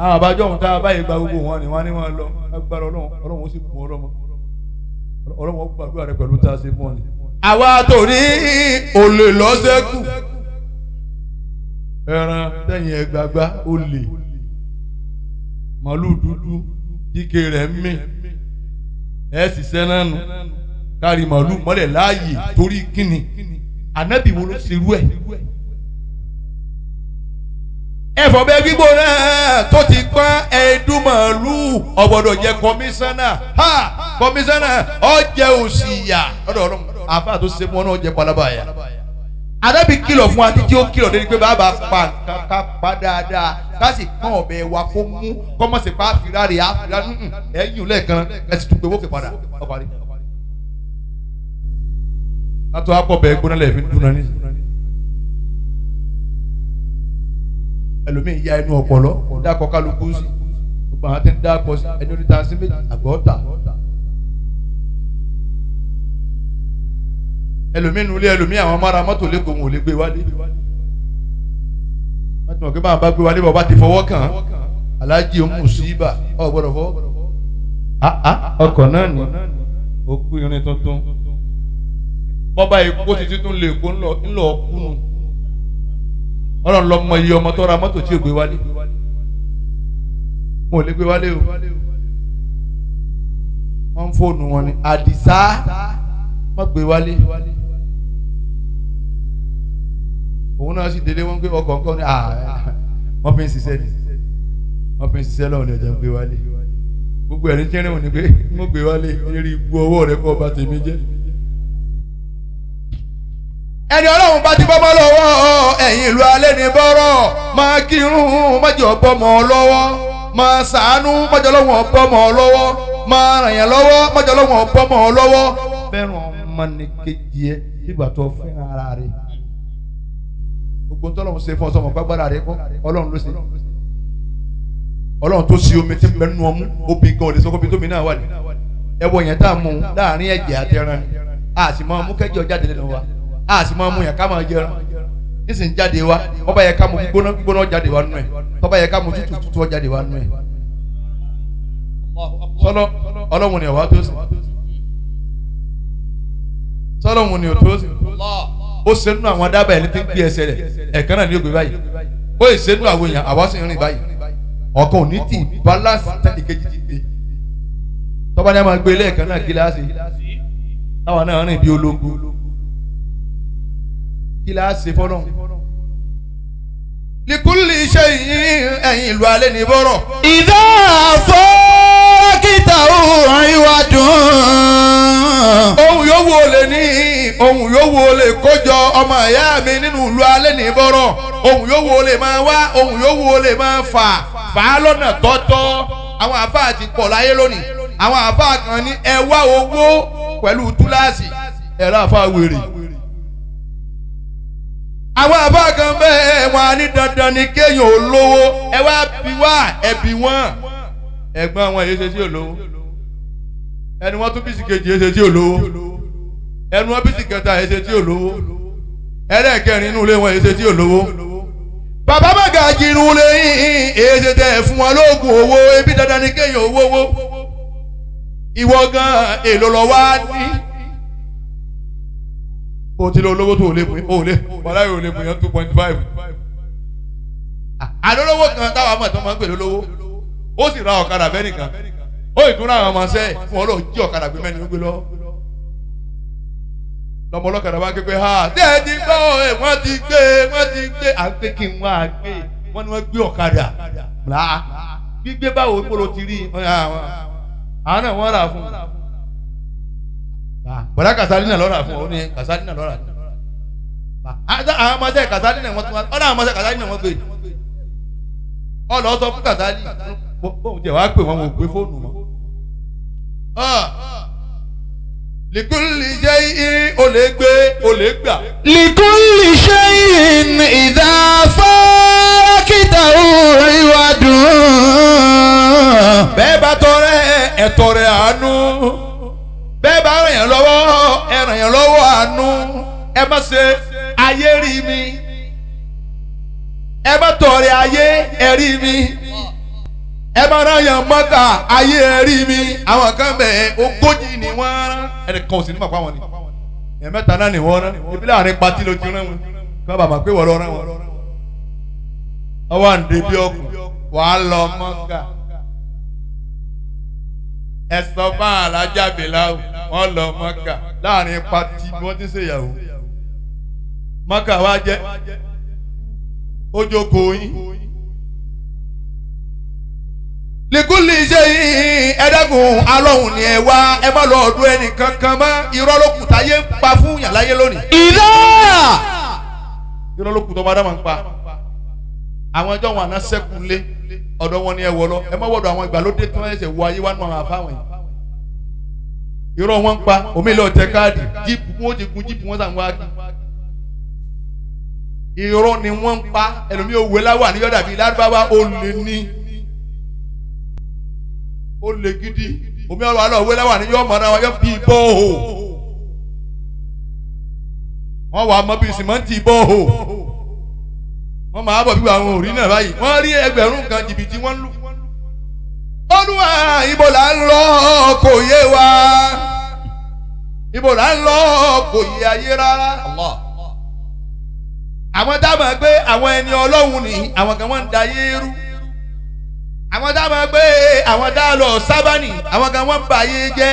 àwọn àbájọ ọ̀hún tá a báyìí gba gbogbo wọn ni wọ́n ní wọn lọ agbára ọlọ́run ó sì kún ọlọ́mọ ọlọ́run ó gbàdúrà rẹ pẹ̀lú ẹran tẹ̀yìn ẹgbàgbá olè màálù dúdú ike rẹ̀ mì ẹ̀ sì sẹ́nà nù kárí màálù mọ́lẹ̀ láàyè torí kíni ànábì wo ló ṣerú ẹ̀. ẹ̀fọ́ bẹ́ẹ̀ gbígbóná tó ti pọ́n ẹ̀ẹ́dún màálù ọ̀gbọ́dọ̀ jẹ́ kọmíṣánná ha kọmíṣánná ọ̀jẹ̀ òsì yà ọ̀dọ̀ ọ̀rọ̀ àfáà tó ṣe mọ́ náà ọ̀jẹ̀ pálábá yà arábì kìlọ̀ fún wa títí ó kìlọ̀ lórí pé bàbá pa ká pa dáadáa ká sì kán ọ̀bẹ wa kó mú kọ́mọ̀sì pa àfìrà rẹ̀ àfìrà nùnù ẹ̀yìn lẹ́ẹ̀kan ẹ̀ sì tún gbé wókè padà ọ̀parí. látọ̀ akọ̀bẹ gbóná lẹ̀ fi ń dúná ní. ẹlòmíì ya ẹnu ọ̀pọ̀lọ́ dákọ̀ kálukú sí gbogbo àwọn tẹ́ ń dákọ̀ sí ẹni oníta sí méjì àgbọ̀ ọ̀tà ẹlòmíín nulẹ̀ ẹlòmíín àwọn ọmọ ara mọ́tò lẹ́kọ̀ọ́ wọn ò lè gbé wálé wọ́n ti mọ̀ pé báwọn bá gbé wálé bọ̀ bá ti fọwọ́ kàn án aláàjì mùsíbà ọ̀ gbọ́dọ̀ fọwọ́ ah, ah, ọkọ̀ náà ni ó kú irin tuntun bọ́ba èkó títí tún lè kó ńlọ kúnu ọlọ́run iye ọmọ tó ra tí ò gbé wálé wọn ò lè gbé wálé o wọ́n fóònù wọn ni àdìsá má gbé wálé òun náà sì délé wọn pé ọkọ̀ nǹkan ní wọ́n fi ń ṣiṣẹ́ ni wọ́n fi ń ṣiṣẹ́ lọ́wọ́ ní ọjà ń gbé wálé gbogbo ẹ̀rín tí ń rìn òní pé mo gbé wálé eré ibu ọwọ́ rẹ kọ́ ọba tèmi jẹ́. ẹni ọlọ́run bá ti bọ́mọ́ lọ́wọ́ ẹ̀yin ìlú alẹ́ ní bọ́rọ̀ máa kírun mọ́jọ bọ́mọ lọ́wọ́ máa ṣàánú mọ́jọ lọ́wọ́ bọ́mọ lọ́wọ́ máa ràn yẹn lọ́wọ́ mọ́jọ lọ́wọ́ bọ́mọ lọ́wọ́ fẹ́ràn ọmọnìkejì ẹ gbogbo ntọ́ lọ́hún ṣe fún ọsọ ọmọ gbàgbára rẹ kọ́ ló ṣe ọlọ́run tó ṣe omi tí ń bẹ nínú ọmú obìnrin kan ò lè tómi náà wà ní ẹwọ yẹn tá a mú láàrin ẹ̀jẹ̀ àtẹran a sì máa mú kẹ́jọ jáde lẹ́nu wa a máa mú yẹn ká máa jẹran nísìnyí jáde wa ọba yẹ ká mú gbóná gbóná jáde wa nù ẹ tọba yẹ ká mú tútù tútù jáde wa nù ẹ sọlọ ọlọ́run ni ni ò tó ó ṣe nínú àwọn dábàá ẹni tí ń gbé ẹsẹ̀ rẹ̀ ẹ̀kan náà ní ògbé báyìí ó ṣe nínú àwọn èèyàn àwa sì ń rìn báyìí ọ̀kan ò ní tì balance tẹ́lẹ̀ kejì ti gbé tọ́ba ní a máa gbé lẹ́ẹ̀kan náà kíláàsì táwọn náà rìn bí ológun kíláàsì fọ́nà likulli iṣẹ́ yìí ìlú alẹ́ ní bọ́rọ̀. ìdá àfọ́ kìtà òòrùn ìwà dùn náà. ohun yòówù o lè ní ohun yòówù o lè kójọ ọmọ ìyá mi nínú ìlú alẹ́ ní bọ́rọ̀ ohun yòówù o lè máa wá ohun yòówù o lè máa fà fà á lọ́nà tọ́tọ́ àwọn àbá ti pọ̀ láyé lónìí àwọn àbá kan ní ẹ wá owó pẹ̀lú túláàsì ẹ̀rọ àfa àwọn àbá kan bẹ́ẹ̀ wọn á ní dandan ni kéèyàn olówó ẹ wá bí wá ẹbí wọn ẹ̀gbọ́n wọn èyí ṣe sí olówó ẹni wọ́n tún bísí kejì ẹsẹ̀ tí ò lówó ẹni wọ́n bísí kẹta ẹsẹ̀ tí ò ẹlẹ́ẹ̀kẹrin inú ilé wọn ẹsẹ̀ tí ò bàbá màgà jìnnú lẹ́yìn ẹsẹ̀ tẹ̀ fún wọn lóògùn owó ebi dandan ni kéèyàn owó owó ìwọ gan èlò lọ wá ní. o ti lọ olówó tó o lè mú wàláyé o lè two point five. àlọ́ lówó kan táwa mọ̀ tó máa ń pè lólówó ó sì ra ọ̀kadà bẹ́ẹ̀ nìkan ó ìdúrà àwọn ọmọ sẹ wọn lọ jí ọ̀kadà gbé mẹ́rin gbé lọ lọmọ ọlọ́kadà bá kékeré ha tí ẹ ti gbọ́ ẹ wọ́n ti gbé wọ́n ti gbé à ń pé kí n wá gbé wọ́n ni wọ́n gbé ọ̀kadà là á gbígbé báwo ìpolò ti rí àwọn àwọn náà wọ́n rà fún un bọ̀dá kàsálínà lọ́ra fún ọ ní kàsálínà lọ́ra fún àwọn ọmọdé kàsálínà wọ́n tún wá ọ̀dà àwọn ọmọdé kàsálínà wọ́n gbé ọ̀dà ọ̀sọ̀ fún kàsálínà bóun jẹ́ wàá pè wọ́n mo gbé fóònù mọ́ likunli ṣe irin o lè gbé o lè gbà. likunli ṣe irin ìdá fọ́ọ́kìtà orí wa dùn. bẹ́ẹ̀ bá tọrẹ ẹ̀tọ́ rẹ̀ àánú bẹ́ẹ̀ bá ràn yàn lọ́wọ́ ẹ yàn lọ́wọ́ àánú ẹ má ṣe ayé rí mi ẹ má tọrẹ ayé ẹ rí mi ẹ bá rán yan mọ́tà ayé ẹ mi àwọn kan bẹ̀ ogójì ni wọ́n rán ẹnìkan ò sì ní màpá wọn ni ẹ mẹ́ta náà ni wọ́n rán ibi láàrin patí ló ti rán wọn kí wọ́n bá pé wọ́n lọ rán wọn. ọwọ́ àǹdè bí ọkùn wàá lọ mọ́gà ẹ sọ bá alájà bìláwù wọ́n lọ mọ́gà láàrin patí ni wọ́n ti ṣèyàwó mọ́gà wá jẹ́ ó yín likuli ṣe ẹ̀ẹ́dẹ́gùn alọ́hùn ni ẹ wá ẹ má lọ ọdún ẹnì kankan mọ́ irọ́ ló kùtà yé ń pa fún yàn lónìí. irọ́ irọ́ ló kùtà ọmọ adama ń pa àwọn ẹjọ́ wọn àná sẹ́kù lé ọ̀dọ̀ wọn ni ẹ wọ̀ lọ ẹ má wọ̀dọ̀ àwọn ìgbàlódé tí wọ́n wọ ayé wa nù àwọn àfáwọn yìí irọ́ wọn ń pa omi ilé ọ̀tẹ káàdì jíìpù wọn ti gun jíìpù wọn sàn wá irọ́ ni wọ́n ń pa ẹlòmíì ó le gidi omi àwọn àlọ́ wẹ́lẹ́ wà ní yọ ọmọ náà wọ́n yọ bí bọ́ọ̀hò wọ́n wà mọ́ bí sìmọ́ǹtì bọ́ọ̀hò wọ́n máa bọ̀ bí àwọn òrí náà báyìí wọ́n rí ẹgbẹ̀rún kan jìbìtì wọ́n lù olúwa ibo là ń lọ kò yé wa ibo là ń lọ kò yé ayé rárá àwọn dábàá pé àwọn ẹni ọlọ́run nìyí àwọn kan wọ́n ń da yé àwọn tá a máa gbé àwọn tá a lọ sábàánì àwọn kan wọ́n ń bà yé jẹ́.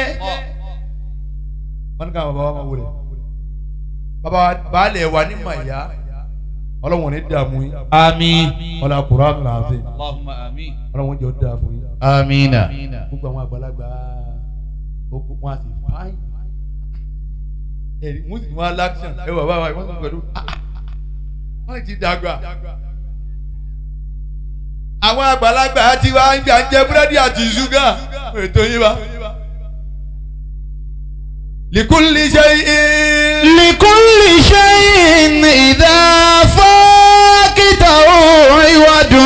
wọ́n ní ká àwọn bàbá máa wọlé bàbá baálẹ̀ wa ní màyà ọlọ́wọ́n ní dààmú yín. àmín. ọlọ́ kura kìláàsì. Allahumma àmín. ọlọ́wọ́n jẹ́ ó dáa fún yín. àmínà. gbogbo àwọn àgbàlagbà okùn wọn àti fáyì. ẹ̀rí mùsùlùmí alákṣàn ẹ̀ bàbá wa ìwọ́n sọ pẹ̀lú. Ah, ah, wọ́n ti dàgbà àwọn àgbàlagbà ti wá ń gbà ń jẹ búrẹ́dì àti ṣúgà ètò yín wa. likulli shay'in. likulli shay'in idha faqitahu iwadun.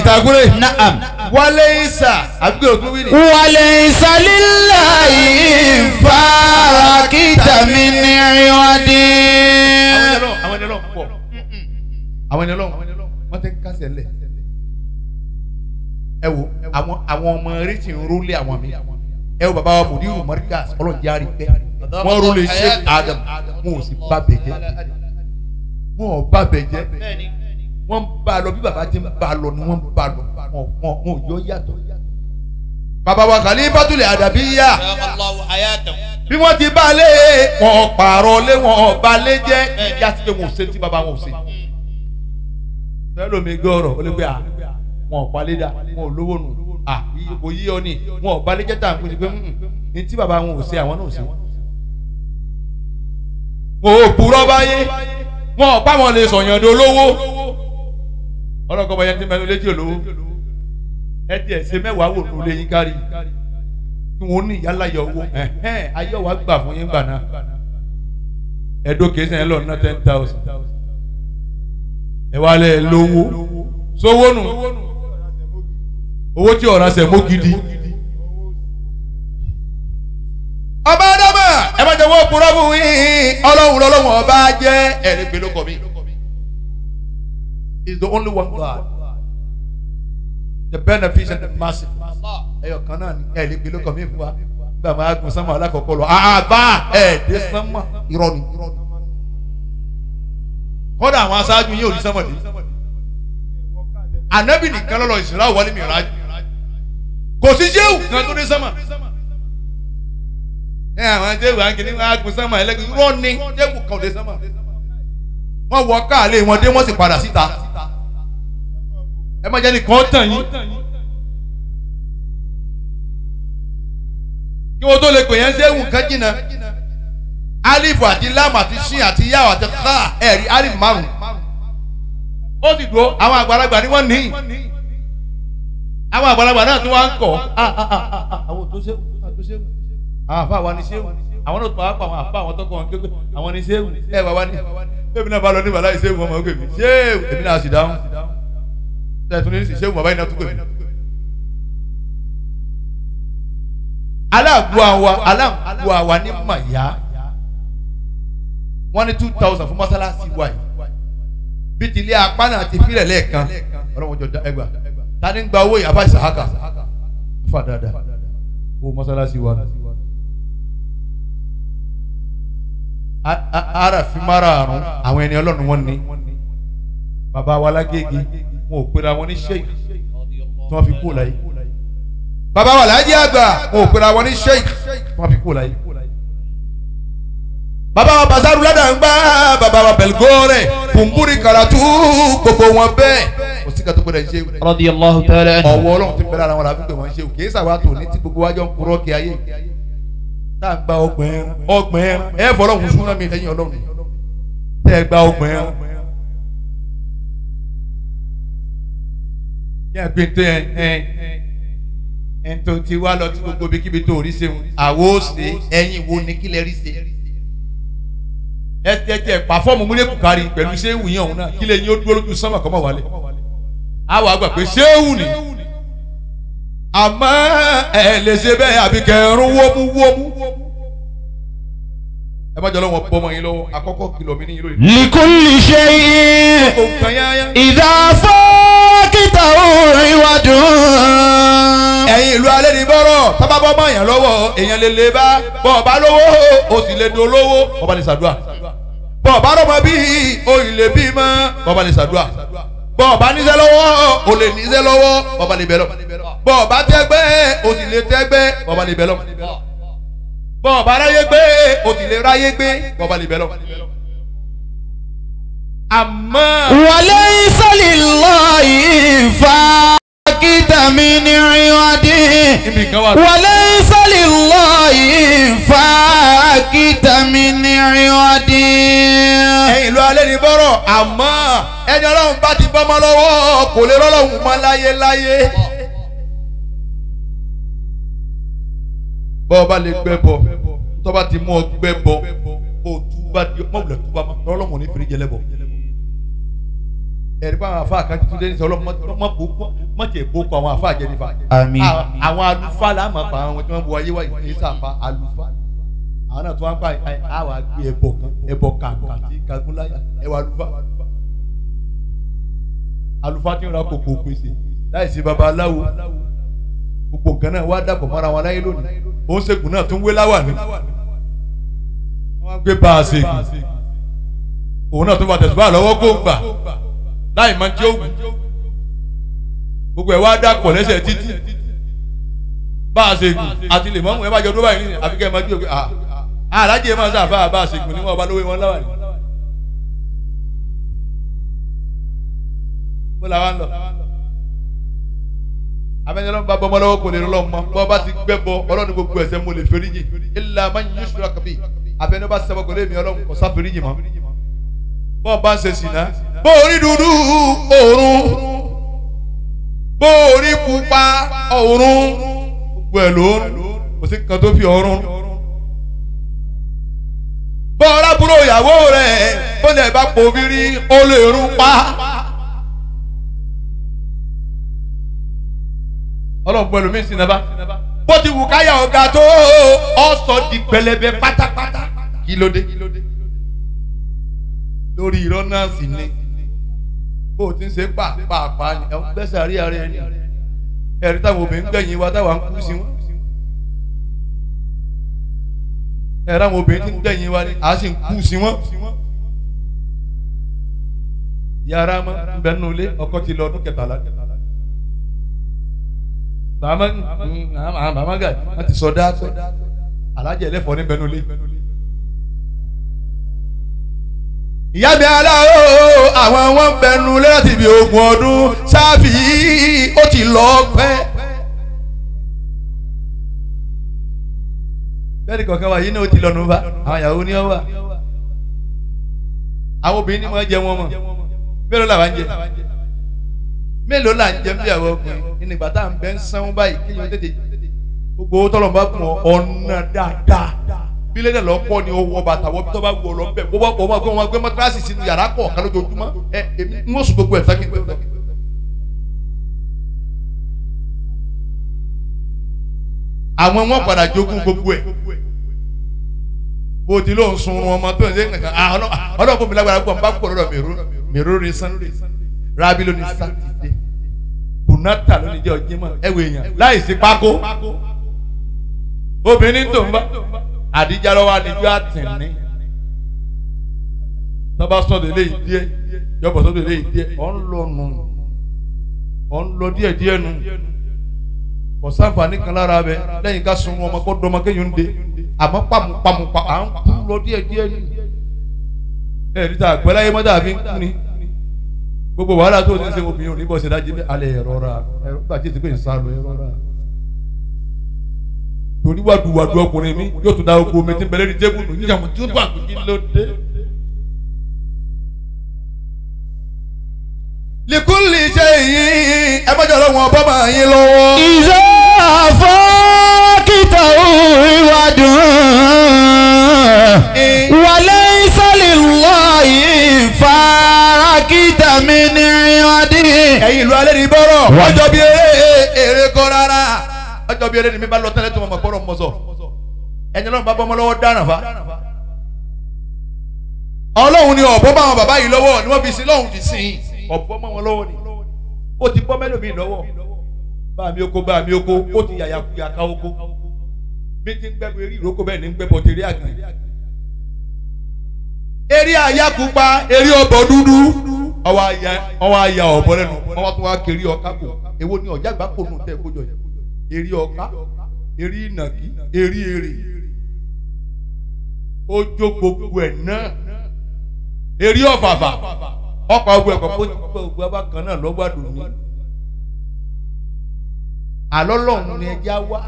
ìtàgùrẹ́. na'am. wálé ìsà àbúgbé ògún wí ni. wálé ìsà lillahi faqita min iwadin. àwọn ẹni ọlọ́run pọ̀ àwọn ẹni ọlọ́run ṣẹlẹ̀ ẹ wo àwọn àwọn ọmọ eré tí ń rólé àwọn mi ẹ wo bàbá wa mòdìrú mọ́ríkà ọlọ́jà rí pẹ́ wọ́n rólé Sheikh Adam wọn ò sì bá bẹ̀ jẹ́ wọn ò bá bẹ̀ jẹ́ wọ́n ń bá a lọ bí bàbá ti ń bá lọ ni wọ́n bá lọ wọn ò yọ yàtọ̀ bàbá wa Khalifatul Adabiyyah bí wọ́n ti bá a lé wọn pààrọ̀ lé wọn ọba lé jẹ́ ìyá pé wọn ò ṣe ti bàbá wọn ò ṣe sẹ́lómi gọ́rọ̀ ó lè pé à wọn ò palẹ̀ dà wọn ò lówó nù à kò yí ọ ni wọn ò balẹ̀ jẹ́ta àpò ìdìbò ní tí bàbá wọn ò ṣe àwọn náà ò ṣe. wọn ò purọ́ báyé wọn ò bá wọn lè sọ̀yàn do lówó ọlọ́kọ̀ bọ̀ yẹn ti mẹ́nu léjì olówó ẹ tiẹ̀ ṣe mẹ́wàá wò ló lé yín kárí kí wọn ní ìyá láyọ̀ owó ayé wa gbà fún yín gbà náà ẹ̀dọ́ kejì ẹ̀ lọ́ọ́ ten thousand ẹ wá lẹ lówó sówó nù owó tí ọ̀ràn sẹ̀ mọ́ ọba adama ẹ má jẹ wọ́n kúrọ́ fún yín ọlọ́run lọ́lọ́run ọba jẹ́ ẹ̀rí pẹ̀lú mi. is the only one God the beneficent and massive. ẹyọ kan náà ni ẹ̀rí pẹ̀lú kọ̀ mi fún wa bàbá agun sánmọ̀ alákọ̀ọ́kọ́ lọ àbá ẹ̀ẹ́dẹ́sánmọ̀ irọ́ kọ́dà àwọn aṣáájú yín ò ní sẹ́mọ̀dé ànábì nìkan lọ́lọ́ ìsìlá wọlé mi rájú kò sí jéwù kan tó ní sẹ́mọ̀ ẹ àwọn jéwù àǹkìní wọn àgùn sẹ́mọ̀ ẹlẹ́gbẹ̀ẹ́ rọ́ọ̀ni jéwù kan ò dé sẹ́mọ̀ wọ́n wọ káàlé wọn dé wọ́n sì padà síta ẹ má jẹ́ nìkan tàn yín. kí wọ́n tó lè pè yẹn séwù kan jìnnà alifu àti lamu àti sin àti yaw àti ha ẹ̀rí alifu márùn ó sì dúró àwọn àgbàlagbà ni wọ́n ní àwọn àgbàlagbà náà tí wọ́n ń kọ́ ah, ah, ah, àwọn tó ṣe tó ṣe àwọn àfa wa ni ṣe àwọn náà tó wá pa àwọn àfa àwọn tó kọ́ wọn gbégbé àwọn ni ṣe ẹ wà wá ní èmi náà bá lọ ní bàlá ìṣe ìwọ̀n ọmọ gbèmí ṣé èmi náà sì dáhùn tẹ̀tún ní ìṣe ìwọ̀n báyìí náà tó gbèmí. aláàbò àwa aláàbò àwa ní màyà wọ́n ní two thousand fún mọ́sálásí wa yìí bí ti ilé apá náà ti fílẹ̀ lẹ́ẹ̀kan ọlọ́wọ́n jọ ẹgbà ta ni ń gba owó yìí abáyé sàhákà fà dáadáa owó mọ́sálásí wa ara fi márààrún àwọn ẹni ọlọ́run wọn ni bàbá wa lágége wọn ò pera wọn ní sheik tí wọ́n fi kú láyé bàbá wa lájẹ́ àgbà wọn ò pera wọn ní sheik tí wọ́n fi kú láyé bàbá wa bazaru ládàgbà bàbá wa bẹlgọrẹ kùnbùrì karatu gbogbo wọn bẹ́ẹ̀ kò sí kàtó gbọ́dọ̀ ṣe. radiyallahu ta'ala. ọwọ́ Ọlọ́run ti bẹ̀rẹ̀ ara wọn làbí pé wọn ṣe kì í sàwọn àtò ní ti gbogbo wájọ ń kúrọ kí ayé tá a gba ọgbẹ̀n ọgbẹ̀n ẹ fọlọ kún fún mi lẹ́yìn Ọlọ́run tẹ ẹ gba ọgbẹ̀n. yà gbé tó ẹ ẹ ẹ tó ti wá lọ sí gbogbo bí kíbi tó rí ṣeun àwo ṣe ẹyin wo ni kílẹ̀ rí ṣe ẹ tẹ tẹ pàfọ́ọ̀mù múlẹ̀ bukari pẹ̀lú sẹ́wù yẹn òun náà kílẹ̀ yín ó dúró lójú sánmà kọ́mọ wálé àwọn àgbà pé sẹ́wù ni àmọ́ ẹ lè ṣe bẹ́ẹ̀ àbí kẹrún wọ́mú wọ́mú ẹ má jọ lọ́wọ́ bọ́mọ yín lọ́wọ́ àkọ́kọ́ kìlọ̀ mi níyìn lórí. likunli ṣe yín ìdáfọ́ kìtà òòrùn ìwádùn ẹ̀yin ìlú alẹ́ ní bọ́rọ̀ tọ́ba bọ́ mọ́ lọ́wọ́ èèyàn lè lè bá bọ́ lówó o lè do lówó ọba lè ṣàdúrà bọ́ rọ̀mọ́ bí o lè bí mọ́ ọba lè ṣàdúrà bọ́ níṣẹ́ lọ́wọ́ o lè níṣẹ́ lọ́wọ́ ọba lè bẹ̀lọ́ bọ́ tẹ́gbẹ́ o lè tẹ́gbẹ́ ọba lè bẹ̀lọ́ bọ́ ráyé gbé o lè ráyé gbé ọba lè bẹ̀lọ́ àmọ́. wàlẹ́ ìsọ̀lì lọ́ọ́ yìí بقيت من عوده وليس لله فاكت من عوده ẹ̀yin ló alẹ́ ní bọ́rọ̀ àmọ́ ẹni ọlọ́run bá ti bọ́ mọ́ lọ́wọ́ kò lè rọ́lọ́hún mọ́ láyéláyé. bọ́ọ̀ bá lè gbẹ bọ̀ tọ́ ti mú ọ gbẹ bọ̀ kó tú di mọ́wùlẹ̀ tú bá mọ́ lọ́lọ́hún ní fèrè jẹlẹ bọ̀. bá àwọn afá àkájú tó dé ní sọ ọlọ́mọ má jẹ́ kó kọ àwọn àfáà jẹnifa. àmín. àwọn àlùfáà la máa bá àwọn tí wọ́n bu ayé wáyé ní sàfà àlùfáà àwọn náà tí wọ́n pa àwọn àgbẹ̀ ẹbọ kan kàkà tí kagunláyà ẹwà àlùfáà. àlùfáà tí wọ́n ra kòkò pèsè láì sí babaláwo gbogbo nǹkan náà wá dàpọ̀ mọ́ra wọn láyé lónìí òun ṣègùn náà tún wé láwà ní. wọ́n gbé bá a ṣègùn òun náà tó bá tẹ̀síwá lọ́wọ́ kó ń gbà láì máa jẹ́ òògùn gbogbo ẹ̀ wá dàpọ̀ lẹ́sẹ̀ títì bá a ṣe gùn àti lè mọ́mú ẹ bá jọ dúró báyìí nìyẹn àfi ẹ máa dúró pé ah, ah alájẹ máa ṣàfà bá a ṣe gùn ní wọn bá lówó wọn láwàní. bó la wá ń lọ abẹ́nyẹ́lọ́ bá bọ́mọ́ lọ́wọ́ kò lè rọ́ lọ́mọ bọ́ bá ti gbẹ́ bọ́ ọlọ́run gbogbo ẹ̀ṣẹ̀ mo lè fẹ́rí yìí ilà máa ń yí ṣùgbọ́n kàbí bá sẹ́wọ́ kò lè mi ọlọ́run kò feri yìí mọ́ bọ́ọ̀ bá ń ṣe sìnà bọ́ọ̀ rí dúdú òórùn bó orí pupa ọ̀run gbogbo ẹ̀ ló kò sí kan tó fi ọ̀run bó arábúrò ìyàwó rẹ̀ bó lè bá pòbí rí ó lè rún pa. ọlọ́run pẹ̀lú mi sinaba bó ti wù káyà ọ̀gá tó ọ̀sọ̀ di pẹlẹbẹ pátápátá kí ló dé lórí irọ́ náà ni bó o ti ń ṣe pàápàá ni ẹ̀wọ̀n gbẹ́sẹ̀ àrí ara ẹni ẹ̀rí táwọn obìnrin gbẹ̀yìn wa táwa ń kú sí wọn. ẹ̀rọ àwọn obìnrin ti ń gbẹ̀yìn wa ni àá sì ń kú sí wọn. yàrá mọ́ nbẹ̀ nínú ilé ọkọ ti lọ ọdún kẹtàlá. màmá màmá gàdí ti sọ dáàtọ̀ alájẹ̀ ẹlẹ́fọ̀ọ́ níbẹ̀ nínú ilé. ìyá mi aláwo àwọn wọn ń bẹnu láti ibi ogún ọdún sáfì ó ti lọ pẹ́. bẹ́ẹ̀ni kọ̀ọ̀kan wa yìí náà ó ti lọ́nu bá àwọn ìyàwó ni ó wà àwọn obìnrin ni wọ́n jẹ wọn mọ̀ mélòó là wá ń jẹ mélòó là ń jẹ bí àwọn ọkùnrin ní ìgbà ń bẹ́ ń sanwó báyìí kí ni ó tètè gbogbo tọ́lọ̀ bá kún ọ ọ̀nà dáadáa bílẹ̀ dẹ̀ lọ́kọ́ ni ó wọ bàtà wọ́n bí tó bá wọ̀ lọ́bẹ̀ wọ́n bá wọ́n gbé wọn gbé mọ́tíráàsì sínú yàrá kọ̀ kan lójoojúmọ́ ẹ èmi ń wọ́n sùn gbogbo ẹ̀ sákì gbogbo ẹ̀. àwọn wọn padà jogún gbogbo ẹ̀ bó ti ló ń sun wọn ọmọ tó ń ṣe nǹkan ah, ọlọ́ọ̀bù mi lágbára púpọ̀ n bá kúrò lọ́dọ̀ mèrò mèrò rè sàn rabi lóni sátidé bùnátà lóni jẹ́ ọjọ́ mọ́ ẹ̀wẹ̀ èèyàn láì sí pákó obìnrin tó ń bá àdíjà lọ́wọ́ àdíjú àtìní tọ́ba sọ̀dọ̀ eléyìí díẹ̀ yọ̀bọ̀ sọ̀dọ̀ eléyìí díẹ̀ ọ̀ ń lọ nù ọ̀ ń lọ díẹ̀ díẹ̀ nù ọ̀sánfààní kan lára bẹ lẹ́yìn ká sun ọmọ kó dọmọ kéyìn ń de àmọ́ pàmùpàmùpà à ń kú lọ díẹ̀ díẹ̀ ni ẹ̀rí ta àgbẹ̀láyé mọ́tà fi ń kú ni gbogbo wàhálà tó ti ń ṣe obìnrin ò ní bọ́ ṣe dájú alẹ́ ẹ̀rọ ra ẹ̀rọ gbàjẹ́ ti pé ń sá ẹ̀rọ ra torí wàdùwàdù ọkùnrin mi yóò tún da oko omi tí bẹ̀rẹ̀ ní jẹ́gùn tí ó bá kí ló dé. ṣe yìí ẹ mọ́jọ́ ọlọ́run ọba máa yín lọ́wọ́. ìṣe àfọ́kìtà ìwádùn wàlẹ́ ìsọ̀lì lọ́ọ̀yì farakìtà mi ní ìrìn àdìyẹ. ẹ̀yin ìlú alẹ́ ní bọ́rọ̀ wọ́n jọ bí eré adájọ́ bí eré ni mi bá lọ tẹ́lẹ̀ tó mọ̀ gbọ́dọ̀ mọ̀ sọ ẹni ọlọ́run bá bọ́ ọmọ lọ́wọ́ dáràn fa ọlọ́run ni ọ̀bọ bá wọn bàbá yìí lọ́wọ́ ni wọ́n fi sin lọ́hùn ti sin ọ̀bọ mọ́ wọn lọ́wọ́ ni ó ti bọ́ mẹ́lòmíì lọ́wọ́ bá mi oko bá mi oko ó ti yàyà kuyà ká oko bí ti ń gbẹ́ bọ eré ìrókò bẹ́ẹ̀ ni ń gbẹ́ bọ tèrè àgbẹ̀ eré àyàkúpa eré ọbọ dúdú ọwọ́ àyà ọbọ lẹ́nu ọwọ́ tó wá kiri ọ̀ká kò èwo ni ọ̀já àgbà kò nù tẹ́ kó jọ yìí eré ọká eré ìnàkí Eri, èrè ó jó gbogbo ẹ̀ náà eré ọ̀fàfà ọ̀pá ogun ẹ̀kọ́ kó gbogbo ogun abá kan náà lọ́wọ́ àdùnní àlọ́ lọ́hùn ni ẹja wá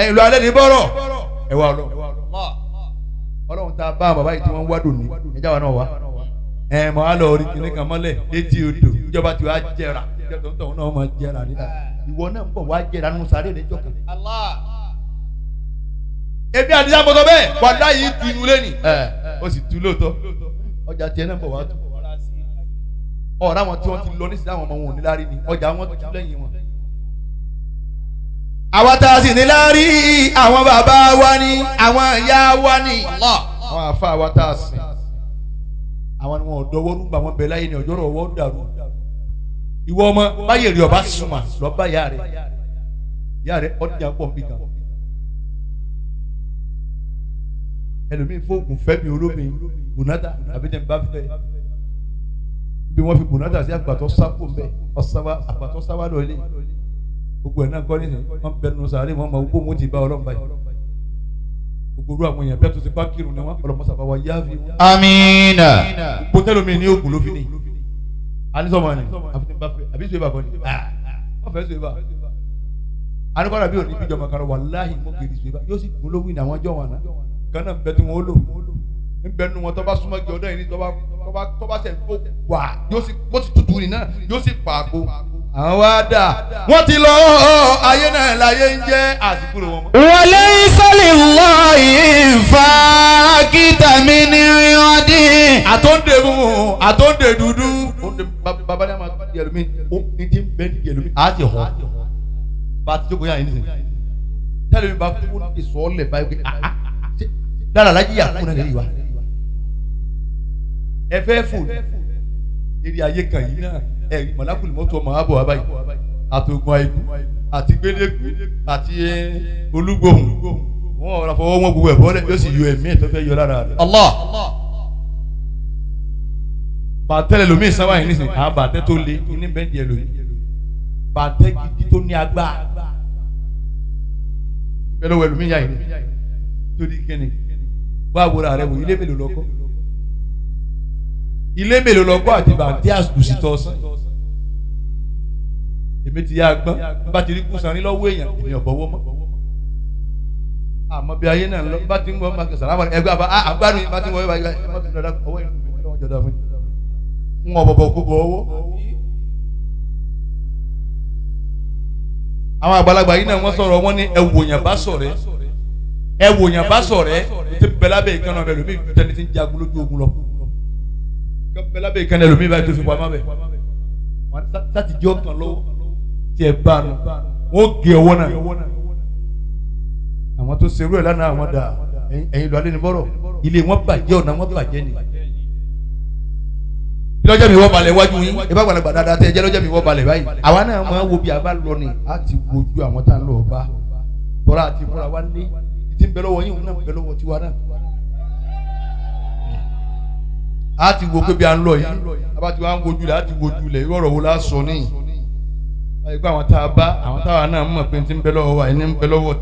ẹ̀yìn lọ alẹ́ ní bọ́rọ̀ ẹ wá ọlọ́run ọlọ́run tá a bá bàbá yìí tí wọ́n ń wá dòní ẹja wa náà wá ẹ mọ̀ á orí kìnìkan mọ́lẹ̀ létí odò ìjọba tí wàá jẹrà ìjọba tó ń náà máa jẹrà nígbà ìwọ náà ń bọ̀ wá jẹ̀rà nínú sàárè rẹ̀ jọ̀kan. ebi àdìsá bọ́tọ̀ bẹ́ẹ̀ wàdá yìí tu inú lẹ́nì. ó sì tu lóòótọ́ ọjà tiẹ̀ náà bọ̀ wá tu. ọ̀rọ̀ àwọn tí wọ́n ti lọ nísìnyí àwọn ọmọ wọn ò ní lárí ni ọjà wọn tu lẹ́yìn wọn. àwa tá a sì ní lárí àwọn bàbá wa ni àwọn ìyá wa ni. àwọn àfa àwa tá a sìn àwọn ni wọn ò dọwọ́ rúgbà wọn bẹ̀ láyé ni ọjọ́rọ̀ ọwọ́ dàrú ìwọ ọmọ báyìí rí ọba súnmà lọ bá ìyá rẹ ìyá rẹ ọdíjà pọ̀ nbí kan ẹlòmíín fóògùn fẹ́mi olómi bùnátà àbíjẹ́ nbá fẹ́ bí wọ́n fi bùnátà sí àgbàtọ́ sáfò mbẹ́ ọ̀sáwá àgbàtọ́ sáwá lọ́ọ́lé gbogbo ẹ̀ náà kọ́ nísìnyí wọ́n bẹnu sàárè wọn mọ gbogbo mọ́tì bá ọlọ́mọba yìí gbogbo àwọn èèyàn bí a tún ti bá kírun ni wọn ọlọmọ sábà wà yáàfin. amiina. gbọ́dọ̀ mi ní oògùn ló fi ní anisọmọ ni àbí suwébà kọ ni ah, ah. wọ́n fẹ́ suwébà anukọ́ra bí òní bíjọba kan wàláhì mo gèrè suwébà yóò sì gbólóhùn ní àwọn ọjọ́ wọn náà gánà bẹ tí wọn ó lò ń bẹ nu wọn tọ́ bá súnmọ́ jọ dẹ́yìn ní tọ́ bá sẹ̀ kó wà yóò sì bó ti tutù nìyẹn yóò sì pààkó àwọn wa dà wọ́n ti lọ ayé náà láyé ń jẹ́ àsìkò wọn. wọlé ìsọ̀lẹ̀ wọ ìfà kíta mi ní ọdín. àtọ́ǹdè mú àtọ́ǹdè dúdú baba ní a máa yẹlò mi n ti bẹ ní yẹlò mi a ti họ ba ti jókòó yà yín nísìnyí tẹ́lẹ̀ mi bá fún ìsọ̀ lẹ̀ báyìí pé ah dára alájí yà kúnlẹ̀ lẹ́yìn wa ẹ fẹ́ fò èrè ayé kan yìí náà ẹ mọ̀lákùnrin mọ́tò ọmọ àbọ̀ abáyé àtògùn àìkú àti gbélékù àti eh, olúgbòhùn wọn ò rà fọwọ́ wọn gbogbo e ẹ̀ bọ́lẹ̀ yóò sì e yọ ẹ̀mí ẹ̀ tó fẹ́ yọ lára rẹ̀. Allah. Allah bàtẹ́ lẹ́lòmíì sábà yìí nísìnyí àwọn bàtẹ́ tó le ní bẹ́ẹ̀ díẹ̀ lòmíì bàtẹ́ gidi tó ní agbá bẹ́ẹ̀ lọ́wọ́ ẹlòmíì yá yìí torí kẹ́ni bá a wọra rẹ wò ilé mélòó lọ́kọ́ ilé mélòó lọ́kọ́ àti bàtẹ́ àgùsì tọ́ sàn èmi ti yá agbọ́n bá ti rí kùsàn ní lọ́wọ́ èèyàn èèyàn bọ̀wọ́ mọ́ àmọ́ bí ayé náà lọ bá ti ń gbọ́ máa kẹsàn-án ẹgbẹ́ àbá àgbàdo yìí bá ti ń wọ́ ọwọ́ ìlú mi lọ́wọ́ jọ̀dọ̀ fún yìí ń wọ bọ̀bọ̀ kú bọ̀ owó. àwọn àgbàlagbà yìí náà wọ́n sọ̀rọ̀ wọ́n ní ẹ̀wòyàn bá sọ̀rẹ́ ẹ̀wòyàn bá sọ̀rẹ́ tí bẹ́lábẹ́ ìkànnà bẹ̀ lómi tẹni tí ń jagun lójú ogun lọ bẹ́lábẹ́ ìkànnà lómi bá tó fi pamọ́ bẹ̀ wọ́n sáti jọ́ kan lọ́wọ́
tiẹ̀ bá a nù wọ́n gé ọwọ́ náà
àwọn tó ṣerú ẹ̀ lánàá àwọn dà ẹ̀yin lọ́ọ́ alẹ́ ní bọ́rọ̀ ilé wọn bàjẹ́ ọ̀nà wọn bàjẹ́ nìyí lọ́jọ́ mi wọ́ balẹ̀ wájú yín ìbá gbàlagbà dáadáa tẹ́ ẹ jẹ́ lọ́jọ́ mi wọ́ balẹ̀ báyìí. àwa náà máa wo bí a bá lọ ni a ti wojú àwọn tá a lọ bá bọ́lá àti múra wá lé ti ń bẹ lọ́wọ́ yín òun náà ń bẹ lọ́wọ́ tiwa náà. a ti wo pé bí a ń lọ yìí a bá ti wá ń wojú lẹ̀ a ti wojú lẹ̀ irú ọ̀rọ̀ wo la sọ ní. àyè pé àwọn tá a bá àwọn táwa náà mọ̀ pé ti ń bẹ lọ́wọ́ wa ẹni ń bẹ lọ́wọ́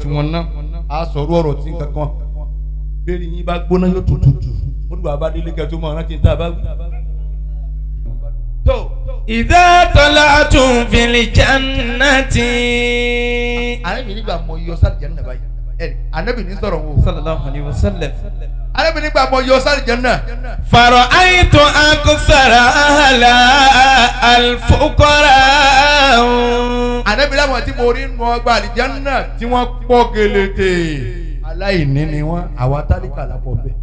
ìdá tọ́lá tún fìlì jannati. àyẹ̀mí nígbà mọ iyọ sáré jẹ́ nínú báyìí anabi ni sọ̀rọ̀ wo. sallallahu alayhi wa sallam. anabi ni gbàgbọ́ yọ sáré jẹ́nà. fàrọ̀ àyètò àkọsára àhàlà àlùfọ́kọ́rà. anabi làwọn tí mo rí nù ọgbà àlìjẹ́nà tí wọ́n pọ̀ gẹlẹ́tẹ̀. aláìní ni wọ́n àwa tálíkà lápọ̀ bẹ́ẹ̀.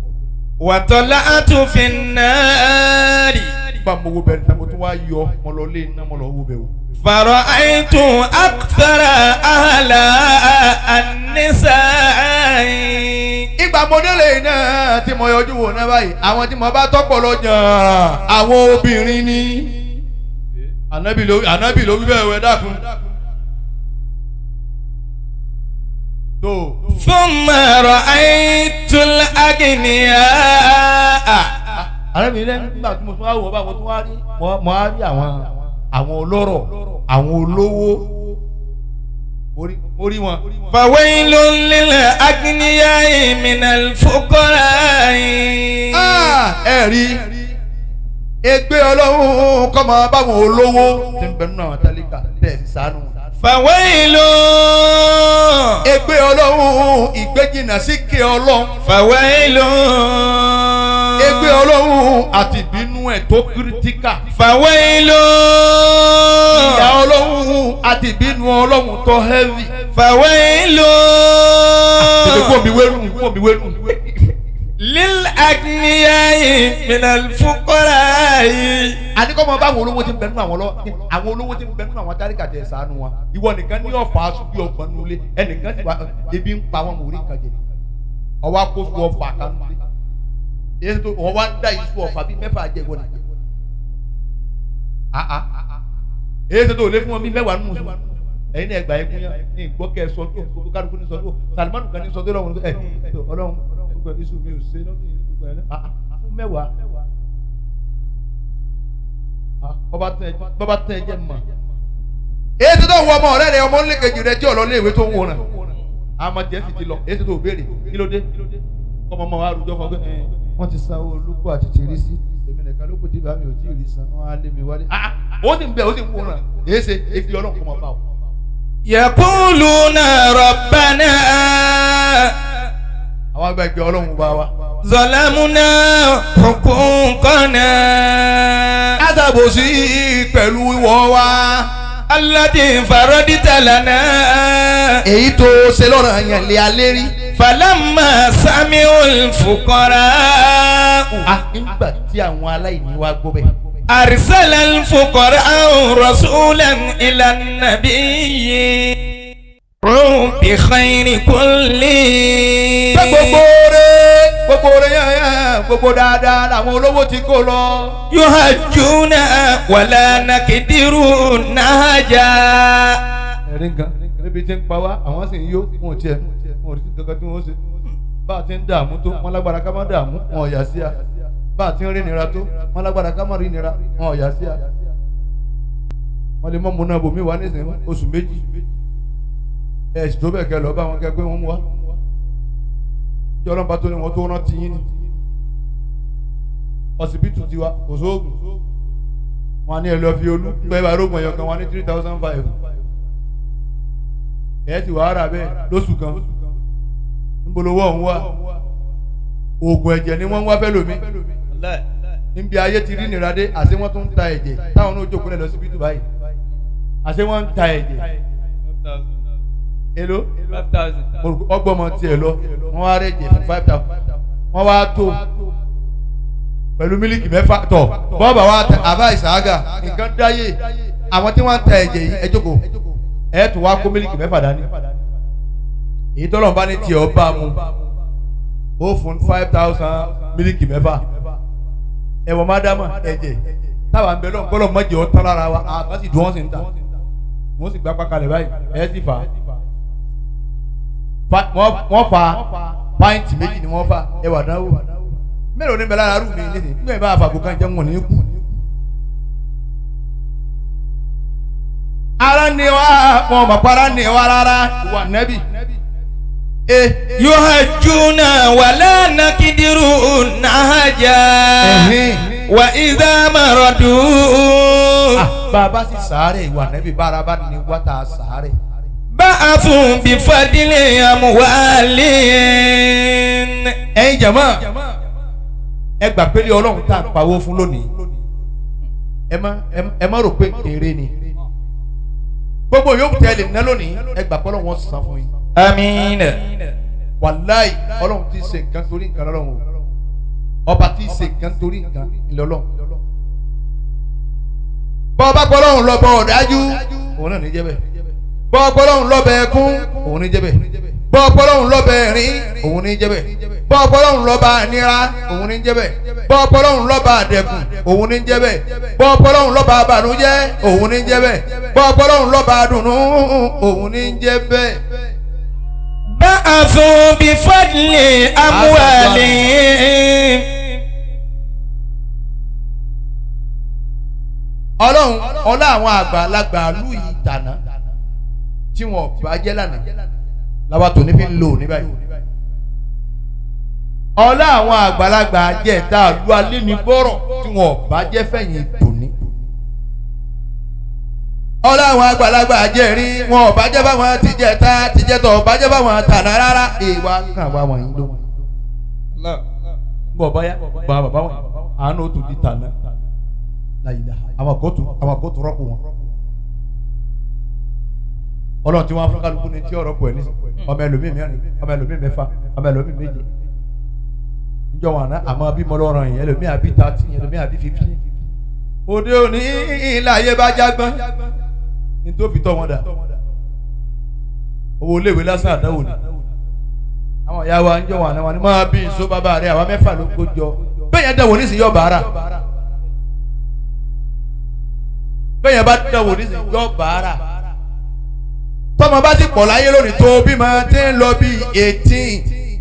wàtọ́lá àtúnfin náà rí nígbà mo wo bẹ̀rẹ̀ náà mo tún wá yọ mo lọ lé iná mo lọ wo bẹ̀rù. fàrọ̀ àìtún akthara àhàlà àníṣà àyìn. ìgbà mo délé náà tí mo yọjú wò náà báyìí àwọn tí mo bá tọ́pọ̀ lọ yàn àwọn obìnrin ni. ànábì ló wí bẹ́ẹ̀ wẹ́ dákun. ثم رأيت الأغنياء arábìnrin nígbà tí mo tún wá wò bá mo tún wá rí mo á rí àwọn àwọn olóró àwọn olówó orí wọn. fàwé ló ń lílẹ̀ agniya ìmìnà fúkọ́ra yìí. Ah, ẹ rí ẹgbẹ́ ọlọ́run kọ́ máa báwọn olówó ti ń bẹ nínú àwọn tálíkà tẹ̀ sánú. fàwé ló. ẹgbẹ́ ọlọ́run ìgbéjìnà sí kí ọlọ́run. fàwé ló ìkégbé ọlọ́run àti ìbínú ẹ̀ tó kírítíkà. fàwẹ́lò. ìyá ọlọ́run àti ìbínú ọlọ́run tó hẹ́vì. fàwẹ́lò. tètè kó mi wérù kó mi wérù. lil agniyayi minal fukarayi. àníkọ́ mọ báwo olówó ti ń bẹnu àwọn lọ àwọn olówó ti ń bẹnu àwọn tálíkà tẹ̀ sànù wa ìwọ nìkan ní ọ̀fà aṣọ bí ọgbọ̀n nulẹ̀ ẹnìkan ti wà ebi ń pa wọn mọ̀ orí ọwọ́ akóso ọ̀fà kan nulẹ̀ yẹn tó wọn wá dá iṣu ọ̀fà bíi mẹ́fà jẹ ìwọ ah ah èyí ah, ah. tó tó lé fún wọn bíi mẹ́wàá nù sùn ẹ̀yin náà ẹgbàá ẹkún yẹn ní ìgbọ́kẹ́ sọ tó gbogbo kálukú ní sọ tó Salimanu kan ní sọ tó lọ́wọ́ ẹ ọlọ́run gbogbo iṣu mi ò ṣe ah, fún mẹ́wàá bọ́bá tẹ̀ jẹ́ mọ́ èyí tó tó wọ ọmọ rẹ rẹ ọmọ nílé kejì rẹ tí ọ̀lọ́ lé ìwé tó ń wọ̀ràn àmọ́ jẹ́ sì ti lọ èyí tó tó béèrè kí ló wa rújọ́ fọ́ pé wọ́n ti sanwó olúgbò àti tìrí sí èmi nìkan ló kù tí bàmí ò tí ì rí san wọ́n á lé mi wálé ah, ah, ó sì ń bẹ ó sì ń wúran èyí ṣe èfi ọlọ́run kọ́ mọ́ bá o. yaquluna rabbana. àwọn agbẹ̀gbẹ̀ ọlọ́run bá wa. zalamuna huquqana. látàbòsí pẹ̀lú ìwọ wa. aládìí faradita lana. èyí tó ṣe lọ́rọ̀ àyànlé alẹ́ rí falamma samiul fukara. a ah, nígbà tí àwọn aláìní wa gbọ́ bẹ́ẹ̀. arsala al-fuqara rasulan ila nabiyyi. Rúbì khayri kulli. Ṣé gbogbo rẹ̀ gbogbo rẹ̀ yàn yàn gbogbo dáadáa làwọn olówó ti kó lọ. Yuhajjuna wala nakidiru nahaja. Ẹ̀rí nǹkan níbi tí ń pa wá àwọn sì ń yó wọn ò tiẹ̀ wọn ò rí kankan tí wọ́n ṣe bá a ti ń dààmú tó wọn lágbára ká má dààmú wọn ò yà sí a bá a ti ń rí nira tó wọn lágbára ká má rí nira wọn ò yà sí a wọn lè mọ múná bòmí wa nísìnyí oṣù méjì ẹ sì tó bẹ́ẹ̀ kẹ lọ bá wọn kẹ pé wọ́n mú wa jọlọ́n tó ní wọn tó rántí yín ni ọsibítù tiwa kò sóògùn wọn ní ẹ lọ fi olú gbẹ bá rógùn ẹ̀yọ̀kan wọn ní three thousand five ẹ ti wàá rà bẹ́ẹ̀ lóṣù kan nbolowó ọ̀hún wa oògùn ẹ̀jẹ̀ ni wọ́n ń wá fẹ́ lómi níbi ayé ti rí nira dé àṣé tún ń ta ẹ̀jẹ̀ táwọn náà jókòó lẹ̀ lọ síbítù báyìí àṣé wọ́n ń ta ẹ̀jẹ̀ èló ọgbọ́mọ tiẹ̀ lọ wọ́n wá rẹ̀ fún five thousand wọ́n wá tó pẹ̀lú mílíkì mẹ́fà tọ̀ bọ́ọ̀bà wa àbá ìsàágà nǹkan dáyé àwọn tí wọ́n ń ta ẹ̀jẹ̀ yìí ẹ ẹ tún wá kó mílíkì mẹ́fà dání èyí tó lọ́nba ní tiẹ̀ ọba mu ó fún five thousand mílíkì mẹ́fà ẹ̀wọ̀n mádàmà ẹ̀jẹ̀ táwa ń bẹ lọ́n gbọ́dọ̀ mọ́jẹ̀ ọ́ tán lára wa àgbà sì dùn ọ́n sì ń ta wọ́n sì gbapá kalẹ̀ báyìí ẹ̀ sì fà á wọ́n fà á pint méjì ni wọ́n fà ẹ̀wà dánwò mélòó ní bẹ lára rú mi nídìí nígbà yẹn bá àfàgùn kan jẹ́ wọn ní kú. ara ni wa wọn mọ̀ para ni wa rárá wà nẹ́bì. E, yuhajjuna wala nakidiru nahaja wa idha maradu. Ah, bàbá sì sáré ìwà nẹ́bì bára bá ní wọ́tà sáré. ba'afu bi fadili amwalin. ẹ̀yin jama ẹ gbà pé lé ọlọ́run tá a pawó fún lónìí ẹ má rò pé èrè ni gbogbo yòókù tẹ lè ná lónìí ẹ gbà pé Ọlọ́run sàn fún yín. amiina. wàláì Ọlọ́run ti ṣe nǹkan torí nǹkan lọ́lọ́run o ọba ti ṣe nǹkan torí nǹkan lọ́lọ́run. bọ́ ọba gbọ́ lọ́bọ̀ ọ̀dájú òun náà ní jẹ́bẹ̀ bọ́ ọgbọ́ lọ́hùn òun ní jẹ́bẹ̀ bọ́ ọgbọ́ lọ́hùn òun ní jẹ́bẹ̀ bọ́ ọpọlọ́run lọ́ba nira òun ní jẹ́bẹ̀ bọ́ ọpọlọ́run lọ́ba àdẹ̀kùn òun ní jẹ́bẹ̀ bọ́ ọpọlọ́run lọ́ba àbànújẹ́ òun ní jẹ́bẹ̀ bọ́ ọpọlọ́run lọ́ba àdùnnú òun ní jẹ́bẹ̀. ba'athu bi fadli amwalihim. ọlọ́run ọlá àwọn àgbàlagbà lù yìí tàná tí wọn bá jẹ́ lánàá làwọn tòun ní fi ń lò ní báyìí ọlá àwọn àgbàlagbà àjẹta àlú alẹ́ ní bọ́rọ̀ tí wọn bá jẹ́ fẹ̀yìn tòní. ọlá àwọn àgbàlagbà àjẹrí wọn bá jẹ́ báwọn tìjẹta tìjẹtọ̀ bá jẹ́ báwọn tàná rárá ìwà kàwá wọn yìí ló.
bọ̀ báyà bàbá bàbá wọn àánú tó di tàná
láyìnlá àwọn kóòtù àwọn kóòtù rọ́pò wọn. ọlọ́run tí wọ́n á fún kálukú ní tí ọ̀rọ̀ pọ̀ ẹ̀ ní ọmọ ẹlòmíì mẹ́rin ọmọ ẹlòmíì mẹ́fà ọmọ ẹlòmíì méje jọ̀wọ́n náà àmọ́ bí mo lọ́rọ̀ yẹn ẹlòmíì àbí thirty ẹlòmíì àbí fifty. òde òní ilé ayé bá jágbọ́n ní tó fi tọ́ wọn dà owó iléèwé lásán àdáwò ni àwọn ìyá wa ń jọ̀wọ́n àná wa ni máa bí nsó bàbá rẹ̀ àwa mẹ́fà ló kó jọ bẹ́ẹ̀ yẹn dẹ̀wò nísìnyí ọba ara bẹ́ẹ̀ yẹn bá dẹ̀wò nísìnyí ọba ara tọ́mọ bá ti pọ̀ láyé lónìí tó bí máa ti ń lọ bí eighteen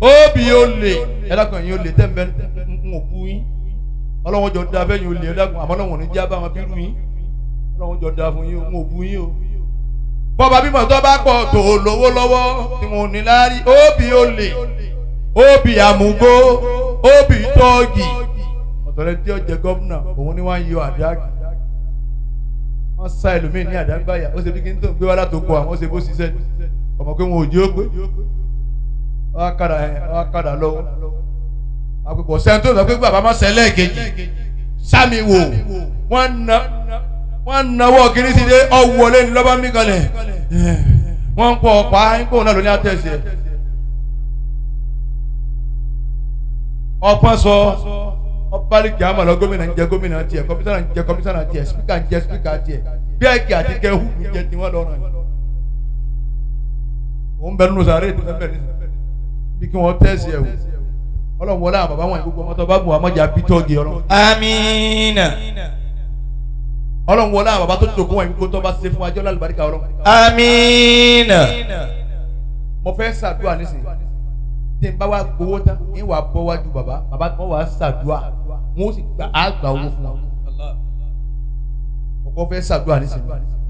ó bí ó lè ẹ dákun ẹ̀yin olè tẹ́ ń bẹ ń òkú yín ọlọ́wọ́n jọ da abẹ́yìn olè ẹ dákun àmọ́ ọlọ́wọ́n ní jẹ́ wọn bírú yín ọlọ́wọ́n jọ da fún yín ń òkú yín o. bọ́ba bímọ tó bá pọ̀ tó lówó lọ́wọ́ tí mo ní láárí óbì olè óbì àmúgbó óbì tọ́ọ̀gì ọ̀tọ̀rẹ́ tí ó jẹ gọ́vnà òun ni wọ́n yọ àdáàgì wọ́n sá ẹlòmíì ní àdágbáyà ó ṣe bí kí n tó gbé wá látòkọ àwọn ó ṣe bó ṣiṣẹ́ ọmọ pé wọn ò jí ó pé ọ̀kadà ẹ̀ ọ̀kadà lọ́wọ́ àpòpọ̀ sẹ́ńtò sọ pé bàbá máa sẹ́lẹ̀ kejì sami wo wọ́n na wọ́n nawọ́ kiri sí dé ọ̀wọ́lé mi kalẹ̀ wọ́n ń pọ̀ ọ̀pá ńkò náà lóní àtẹ̀sí ẹ̀ ọ̀pọ̀n sọ ọ̀pálíkì àmà lọ gómìnà ń jẹ gómìnà tiẹ̀ kọmísánà ń jẹ kọmísánà tiẹ̀ spíkà ń jẹ spíkà tiẹ̀ bí ẹ̀kì àti kẹ́hù ń jẹ tiwọn lọ́rùn ẹ̀ òun bẹ nínú sàárè bí kí wọ́n ẹ̀ wò ọlọ́run wọlé àwọn bàbá wọn ìgbógbó ọmọ tó bá gùn àmọ́jà bí ọlọ́run. amiina. ọlọ́run wọlé àwọn bàbá tó tó kún wọn ìgbógbó tó bá ṣe fún ajọ́lá àlùbáríkà ọlọ́run. amiina. mo fẹ́ ṣàdúrà nísìnyí tí n bá wa gbowó tán n wà bọ́ wájú bàbá bàbá wọn wà ṣàdúrà wọn ó sì gba àgbà owó fún wọn. ọkọ fẹ́ ṣàdúrà nísìnyí.